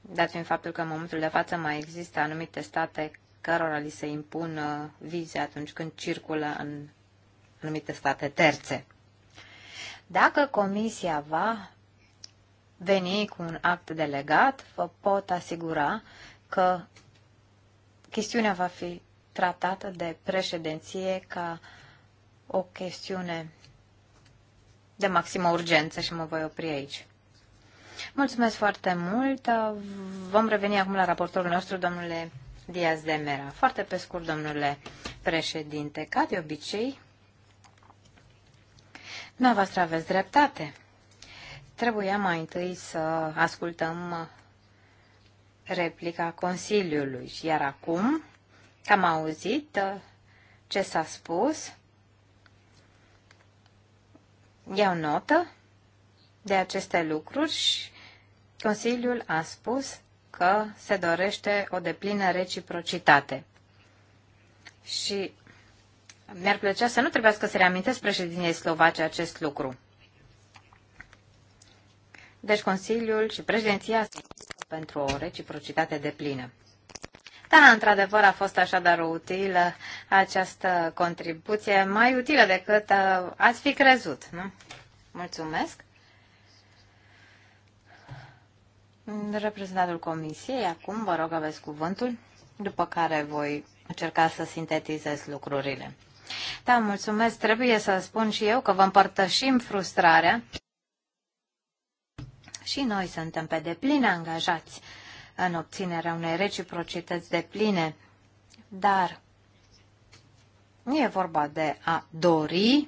Dat fiind faptul că în momentul de față mai există anumite state cărora li se impun vize atunci când circulă în anumite state terțe. Dacă Comisia va veni cu un act delegat, vă pot asigura că chestiunea va fi tratată de președinție ca o chestiune de maximă urgență și mă voi opri aici. Mulțumesc foarte mult. Vom reveni acum la raportorul nostru, domnule Diaz de Mera. Foarte pe scurt, domnule președinte, ca de obicei, Dumneavoastră aveți dreptate. Trebuia mai întâi să ascultăm replica Consiliului. Iar acum, am auzit ce s-a spus, iau notă de aceste lucruri și Consiliul a spus că se dorește o deplină reciprocitate. Și mi-ar plăcea să nu trebuiască să reamintesc președinției slovace acest lucru. Deci Consiliul și președinția pentru o reciprocitate de plină. Da, într-adevăr a fost așadar utilă această contribuție, mai utilă decât uh, ați fi crezut, nu? Mulțumesc. Reprezentantul Comisiei, acum vă rog aveți cuvântul, după care voi încerca să sintetizez lucrurile. Da, mulțumesc. Trebuie să spun și eu că vă împărtășim frustrarea. Și noi suntem pe deplin angajați în obținerea unei reciprocități de pline, dar nu e vorba de a dori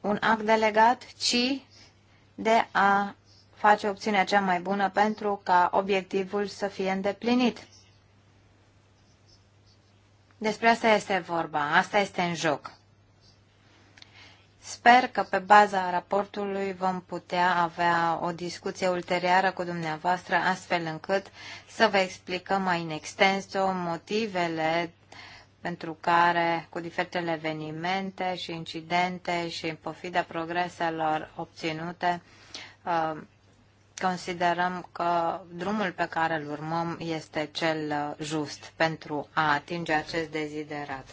un act delegat, ci de a face opțiunea cea mai bună pentru ca obiectivul să fie îndeplinit. Despre asta este vorba, asta este în joc. Sper că pe baza raportului vom putea avea o discuție ulterioară cu dumneavoastră, astfel încât să vă explicăm mai în extenso motivele pentru care, cu diferitele evenimente și incidente și în pofida progreselor obținute, uh, considerăm că drumul pe care îl urmăm este cel uh, just pentru a atinge acest deziderat.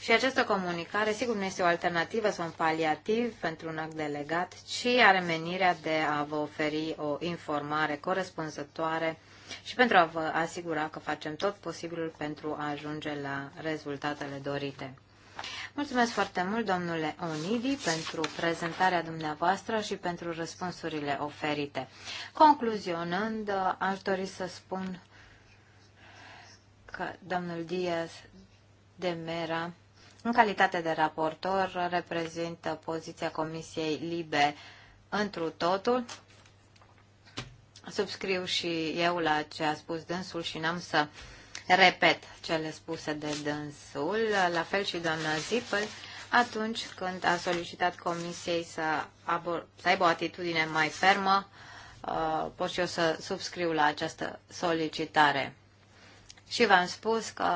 Și această comunicare, sigur, nu este o alternativă sau un paliativ pentru un act delegat, ci are menirea de a vă oferi o informare corespunzătoare și pentru a vă asigura că facem tot posibilul pentru a ajunge la rezultatele dorite. Mulțumesc foarte mult, domnule Onidi, pentru prezentarea dumneavoastră și pentru răspunsurile oferite. Concluzionând, aș dori să spun că domnul Diaz de Mera, în calitate de raportor, reprezintă poziția Comisiei Libe întru totul. Subscriu și eu la ce a spus dânsul și n-am să repet cele spuse de dânsul, la fel și doamna Zipel, atunci când a solicitat comisiei să, abor- să aibă o atitudine mai fermă, uh, pot și eu să subscriu la această solicitare. Și v-am spus că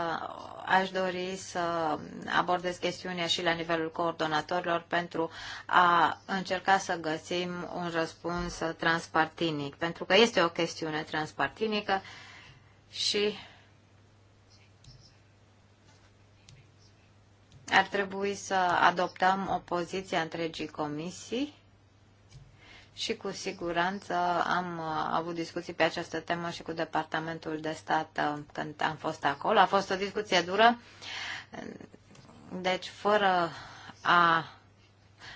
aș dori să abordez chestiunea și la nivelul coordonatorilor pentru a încerca să găsim un răspuns transpartinic, pentru că este o chestiune transpartinică și ar trebui să adoptăm o poziție a întregii comisii și cu siguranță am uh, avut discuții pe această temă și cu Departamentul de Stat uh, când am fost acolo. A fost o discuție dură, deci fără a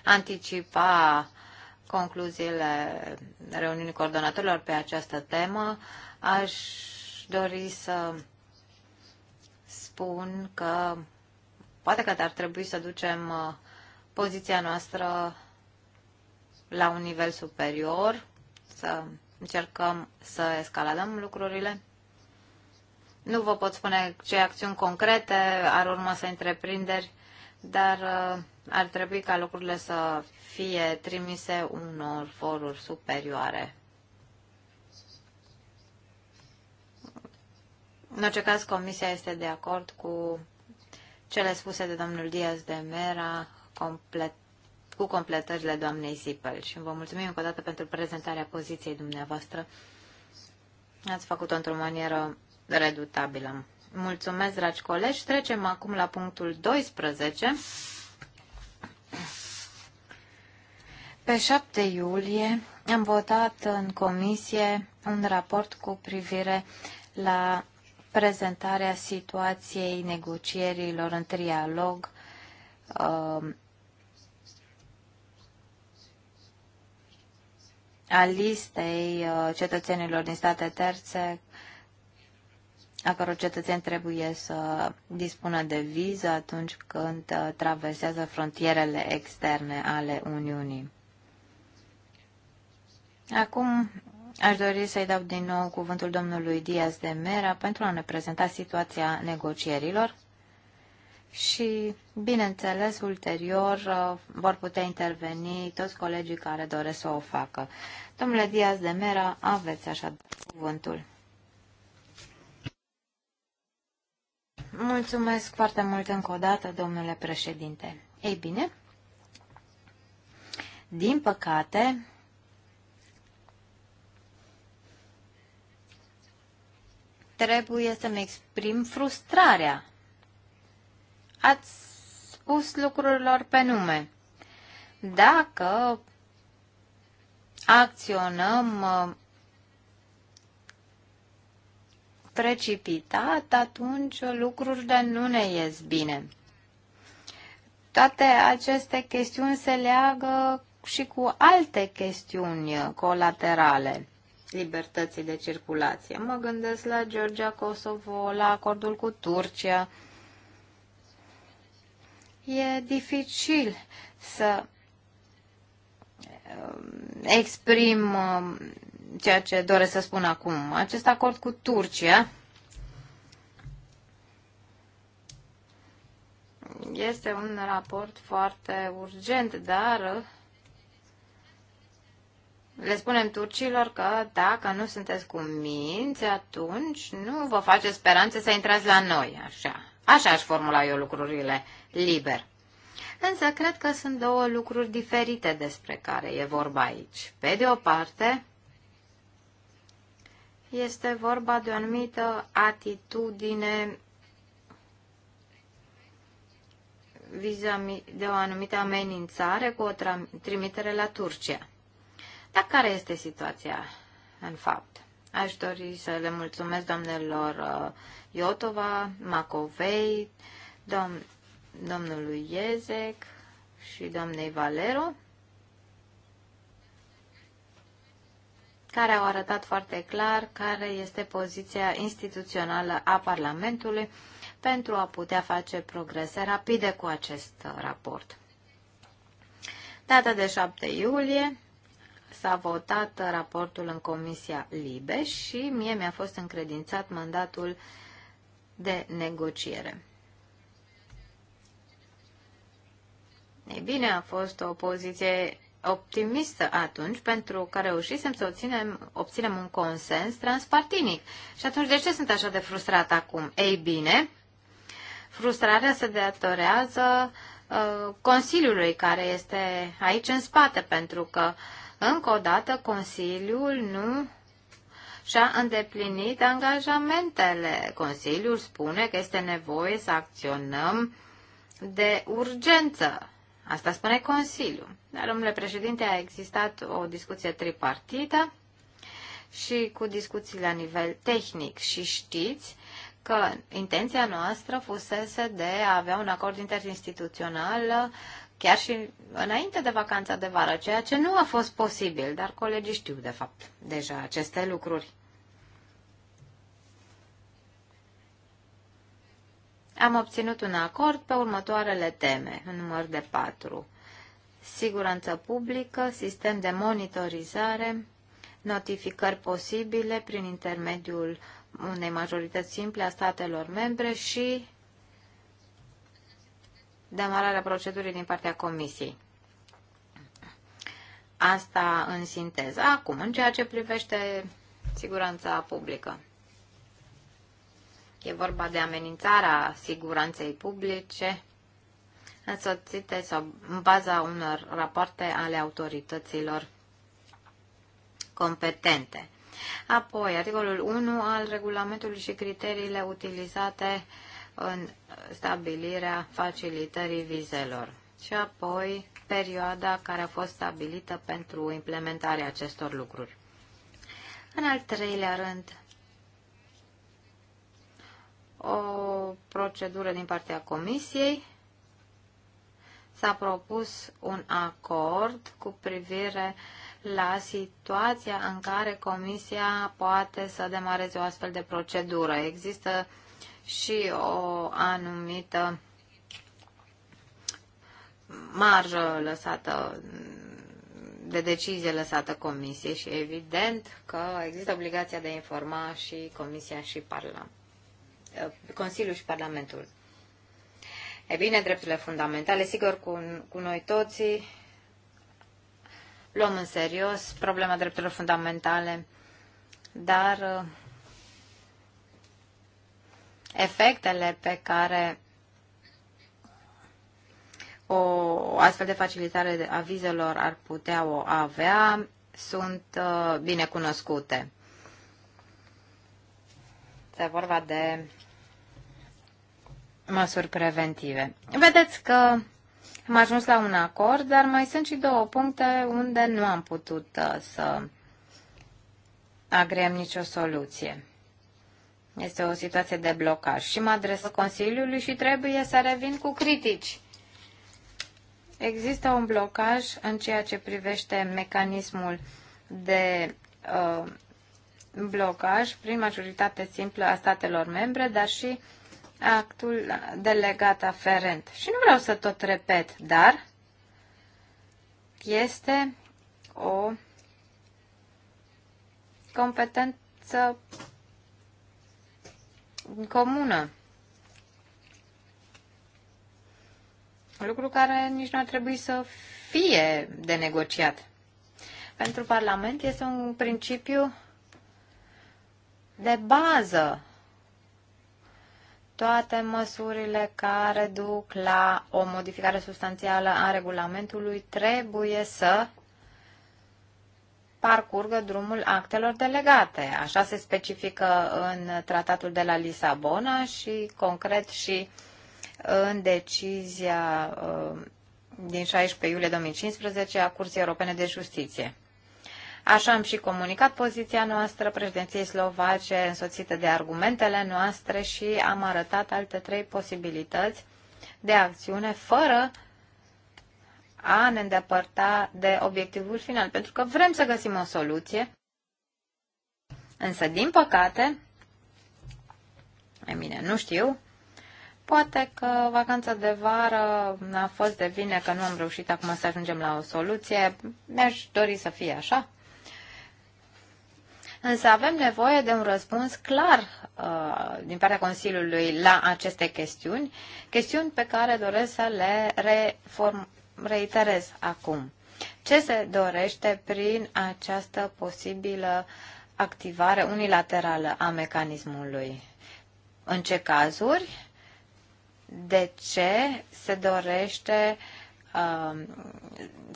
anticipa concluziile reuniunii coordonatorilor pe această temă, aș dori să spun că Poate că ar trebui să ducem uh, poziția noastră la un nivel superior, să încercăm să escaladăm lucrurile. Nu vă pot spune ce acțiuni concrete ar urma să întreprinderi, dar uh, ar trebui ca lucrurile să fie trimise unor foruri superioare. În orice caz, Comisia este de acord cu cele spuse de domnul Diaz de Mera complet, cu completările doamnei Zipel și vă mulțumim încă o dată pentru prezentarea poziției dumneavoastră. Ați făcut-o într-o manieră redutabilă. Mulțumesc, dragi colegi. Trecem acum la punctul 12. Pe 7 iulie am votat în comisie un raport cu privire la prezentarea situației negocierilor în trialog uh, a listei uh, cetățenilor din state terțe a căror cetățeni trebuie să dispună de viză atunci când uh, traversează frontierele externe ale Uniunii. Acum Aș dori să-i dau din nou cuvântul domnului Diaz de Mera pentru a ne prezenta situația negocierilor și, bineînțeles, ulterior uh, vor putea interveni toți colegii care doresc să o facă. Domnule Diaz de Mera, aveți așa cuvântul. Mulțumesc foarte mult încă o dată, domnule președinte. Ei bine, din păcate, trebuie să-mi exprim frustrarea. Ați spus lucrurilor pe nume. Dacă acționăm uh, precipitat, atunci lucrurile nu ne ies bine. Toate aceste chestiuni se leagă și cu alte chestiuni colaterale libertății de circulație. Mă gândesc la Georgia, Kosovo, la acordul cu Turcia. E dificil să um, exprim um, ceea ce doresc să spun acum. Acest acord cu Turcia este un raport foarte urgent, dar le spunem turcilor că dacă nu sunteți cu minți, atunci nu vă face speranțe să intrați la noi, așa. Așa aș formula eu lucrurile liber. Însă cred că sunt două lucruri diferite despre care e vorba aici. Pe de o parte, este vorba de o anumită atitudine vis de o anumită amenințare cu o trimitere la Turcia. Dar care este situația în fapt? Aș dori să le mulțumesc domnilor uh, Iotova, Macovei, dom domnului Iezec și domnei Valero, care au arătat foarte clar care este poziția instituțională a Parlamentului pentru a putea face progrese rapide cu acest uh, raport. Data de 7 iulie s-a votat raportul în Comisia Libe și mie mi-a fost încredințat mandatul de negociere. Ei bine, a fost o poziție optimistă atunci pentru că reușisem să obținem, obținem un consens transpartinic. Și atunci de ce sunt așa de frustrat acum? Ei bine, frustrarea se datorează uh, Consiliului care este aici în spate pentru că uh, încă o dată, Consiliul nu și-a îndeplinit angajamentele. Consiliul spune că este nevoie să acționăm de urgență. Asta spune Consiliul. Dar, domnule președinte, a existat o discuție tripartită și cu discuții la nivel tehnic și știți că intenția noastră fusese de a avea un acord interinstituțional chiar și înainte de vacanța de vară, ceea ce nu a fost posibil, dar colegii știu, de fapt, deja aceste lucruri. Am obținut un acord pe următoarele teme, în număr de patru. Siguranță publică, sistem de monitorizare, notificări posibile prin intermediul unei majorități simple a statelor membre și demararea procedurii din partea Comisiei. Asta în sinteză. Acum, în ceea ce privește siguranța publică. E vorba de amenințarea siguranței publice însoțite sau în baza unor rapoarte ale autorităților competente. Apoi, articolul 1 al regulamentului și criteriile utilizate uh, în stabilirea facilitării vizelor și apoi perioada care a fost stabilită pentru implementarea acestor lucruri. În al treilea rând, o procedură din partea Comisiei s-a propus un acord cu privire la situația în care Comisia poate să demareze o astfel de procedură. Există și o anumită marjă lăsată de decizie lăsată Comisiei și evident că există obligația de a informa și Comisia și Parlamentul. Consiliul și Parlamentul. E bine, drepturile fundamentale, sigur, cu, cu noi toții luăm în serios problema drepturilor fundamentale, dar efectele pe care o astfel de facilitare a vizelor ar putea o avea sunt uh, bine cunoscute. Este vorba de măsuri preventive. Vedeți că am ajuns la un acord, dar mai sunt și două puncte unde nu am putut uh, să agreăm nicio soluție. Este o situație de blocaj. Și mă adresez Consiliului și trebuie să revin cu critici. Există un blocaj în ceea ce privește mecanismul de uh, blocaj prin majoritate simplă a statelor membre, dar și actul delegat aferent. Și nu vreau să tot repet, dar este o competență comună. Lucru care nici nu ar trebui să fie de negociat. Pentru Parlament este un principiu de bază. Toate măsurile care duc la o modificare substanțială a regulamentului trebuie să parcurgă drumul actelor delegate. Așa se specifică în tratatul de la Lisabona și concret și în decizia uh, din 16 iulie 2015 a Curții Europene de Justiție. Așa am și comunicat poziția noastră președinției slovace, însoțită de argumentele noastre și am arătat alte trei posibilități de acțiune fără a ne îndepărta de obiectivul final, pentru că vrem să găsim o soluție, însă, din păcate, mai bine, nu știu, poate că vacanța de vară a fost de vine că nu am reușit acum să ajungem la o soluție, mi-aș dori să fie așa. Însă avem nevoie de un răspuns clar uh, din partea Consiliului la aceste chestiuni, chestiuni pe care doresc să le reform, reiterez acum. Ce se dorește prin această posibilă activare unilaterală a mecanismului? În ce cazuri? De ce se dorește um,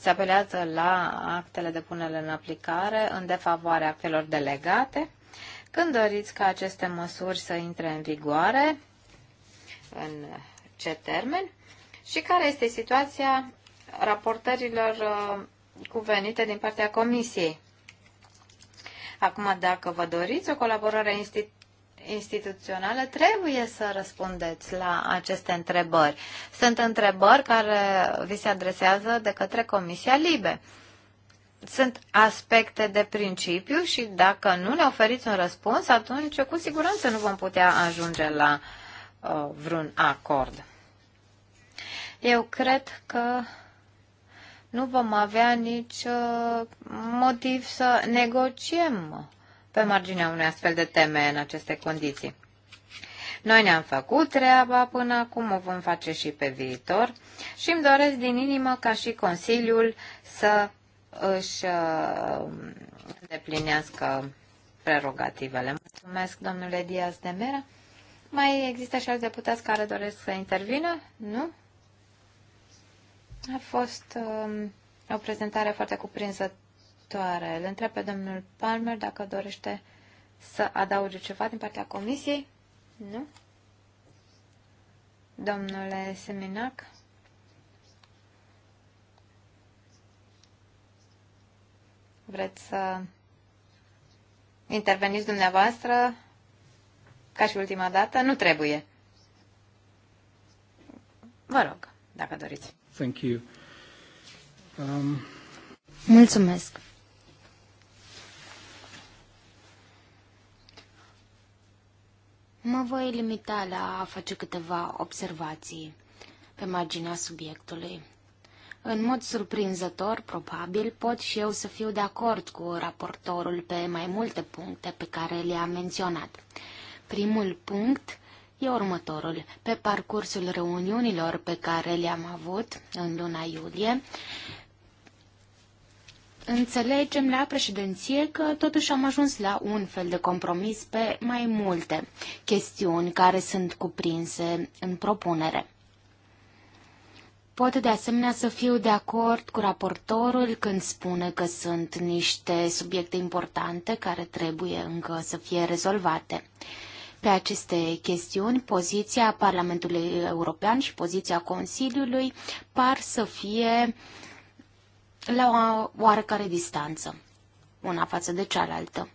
se apelează la actele de punere în aplicare în defavoarea actelor delegate? Când doriți ca aceste măsuri să intre în vigoare? În ce termen? Și care este situația raportărilor uh, cuvenite din partea Comisiei. Acum, dacă vă doriți o colaborare instituțională, instituțională, trebuie să răspundeți la aceste întrebări. Sunt întrebări care vi se adresează de către Comisia Libe. Sunt aspecte de principiu și dacă nu le oferiți un răspuns, atunci cu siguranță nu vom putea ajunge la uh, vreun acord. Eu cred că nu vom avea nici uh, motiv să negociem pe marginea unei astfel de teme în aceste condiții. Noi ne-am făcut treaba până acum, o vom face și pe viitor și îmi doresc din inimă ca și Consiliul să își uh, îndeplinească prerogativele. Mulțumesc, domnule Diaz de Mera. Mai există și alți deputați care doresc să intervină? Nu? A fost um, o prezentare foarte cuprinzătoare. Le întreb pe domnul Palmer dacă dorește să adauge ceva din partea comisiei. Nu? Domnule Seminac? Vreți să interveniți dumneavoastră ca și ultima dată? Nu trebuie. Vă rog, dacă doriți. Thank you. Um... Mulțumesc. Mă voi limita la a face câteva observații pe marginea subiectului. În mod surprinzător, probabil, pot și eu să fiu de acord cu raportorul pe mai multe puncte pe care le-a menționat. Primul punct e următorul. Pe parcursul reuniunilor pe care le-am avut în luna iulie, înțelegem la președinție că totuși am ajuns la un fel de compromis pe mai multe chestiuni care sunt cuprinse în propunere. Pot de asemenea să fiu de acord cu raportorul când spune că sunt niște subiecte importante care trebuie încă să fie rezolvate. Pe aceste chestiuni, poziția Parlamentului European și poziția Consiliului par să fie la o oarecare distanță, una față de cealaltă.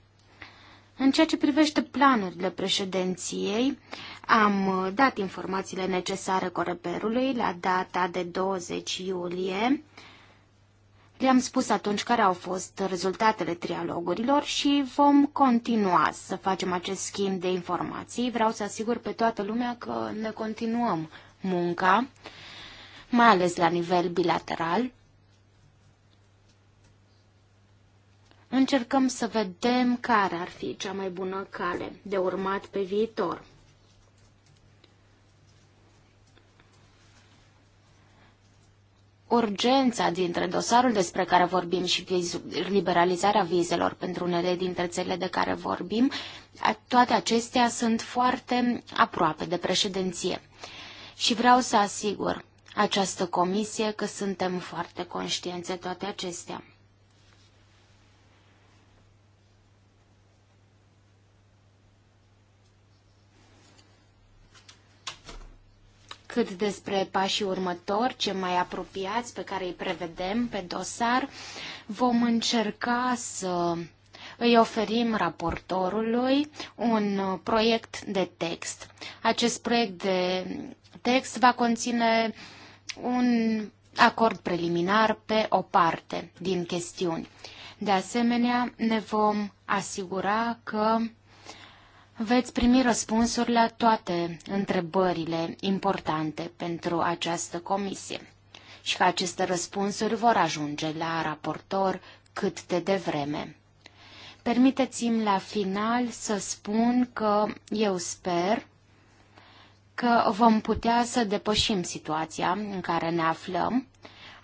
În ceea ce privește planurile președinției, am dat informațiile necesare coreperului la data de 20 iulie. Le-am spus atunci care au fost rezultatele trialogurilor și vom continua să facem acest schimb de informații. Vreau să asigur pe toată lumea că ne continuăm munca, mai ales la nivel bilateral. Încercăm să vedem care ar fi cea mai bună cale de urmat pe viitor. urgența dintre dosarul despre care vorbim și liberalizarea vizelor pentru unele dintre țările de care vorbim, toate acestea sunt foarte aproape de președinție. Și vreau să asigur această comisie că suntem foarte conștienți toate acestea. cât despre pașii următori, ce mai apropiați pe care îi prevedem pe dosar, vom încerca să îi oferim raportorului un proiect de text. Acest proiect de text va conține un acord preliminar pe o parte din chestiuni. De asemenea, ne vom asigura că veți primi răspunsuri la toate întrebările importante pentru această comisie și că aceste răspunsuri vor ajunge la raportor cât de devreme. Permiteți-mi la final să spun că eu sper că vom putea să depășim situația în care ne aflăm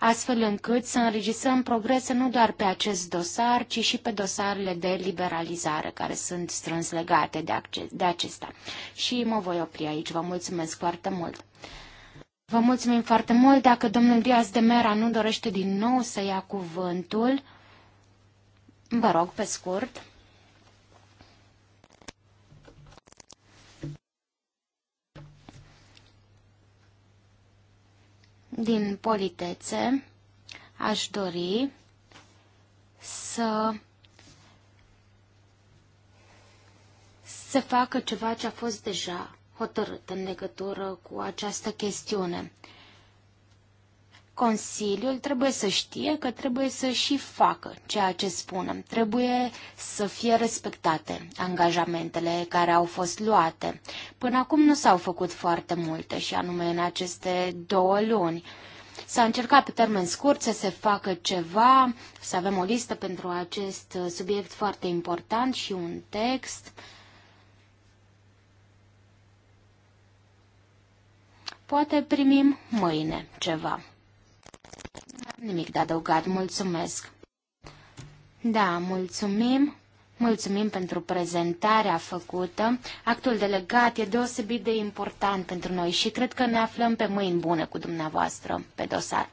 astfel încât să înregistrăm progrese nu doar pe acest dosar, ci și pe dosarele de liberalizare care sunt strâns legate de, acces, de acesta. Și mă voi opri aici. Vă mulțumesc foarte mult! Vă mulțumim foarte mult. Dacă domnul Diaz de Mera nu dorește din nou să ia cuvântul, vă rog, pe scurt. din politețe, aș dori să să facă ceva ce a fost deja hotărât în legătură cu această chestiune. Consiliul trebuie să știe că trebuie să și facă ceea ce spunem. Trebuie să fie respectate angajamentele care au fost luate. Până acum nu s-au făcut foarte multe și anume în aceste două luni. S-a încercat pe termen scurt să se facă ceva, să avem o listă pentru acest subiect foarte important și un text. Poate primim mâine ceva. Nimic de adăugat, mulțumesc. Da, mulțumim. Mulțumim pentru prezentarea făcută. Actul delegat e deosebit de important pentru noi și cred că ne aflăm pe mâini bune cu dumneavoastră pe dosar.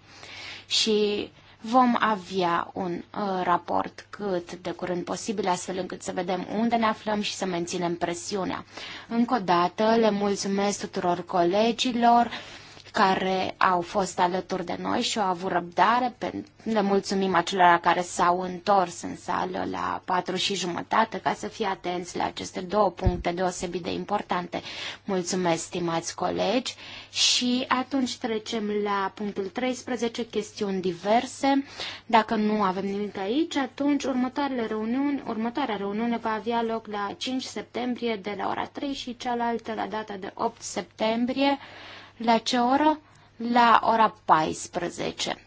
Și vom avea un uh, raport cât de curând posibil, astfel încât să vedem unde ne aflăm și să menținem presiunea. Încă o dată le mulțumesc tuturor colegilor care au fost alături de noi și au avut răbdare. Le mulțumim acelora care s-au întors în sală la patru și jumătate ca să fie atenți la aceste două puncte deosebit de importante. Mulțumesc, stimați colegi. Și atunci trecem la punctul 13, chestiuni diverse. Dacă nu avem nimic aici, atunci următoarele reuniuni, următoarea reuniune va avea loc la 5 septembrie de la ora 3 și cealaltă la data de 8 septembrie. La ce oră? La ora 14.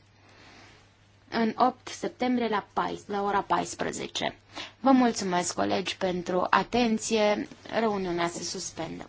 În 8 septembrie la, 14, la ora 14. Vă mulțumesc, colegi, pentru atenție. Reuniunea se suspendă.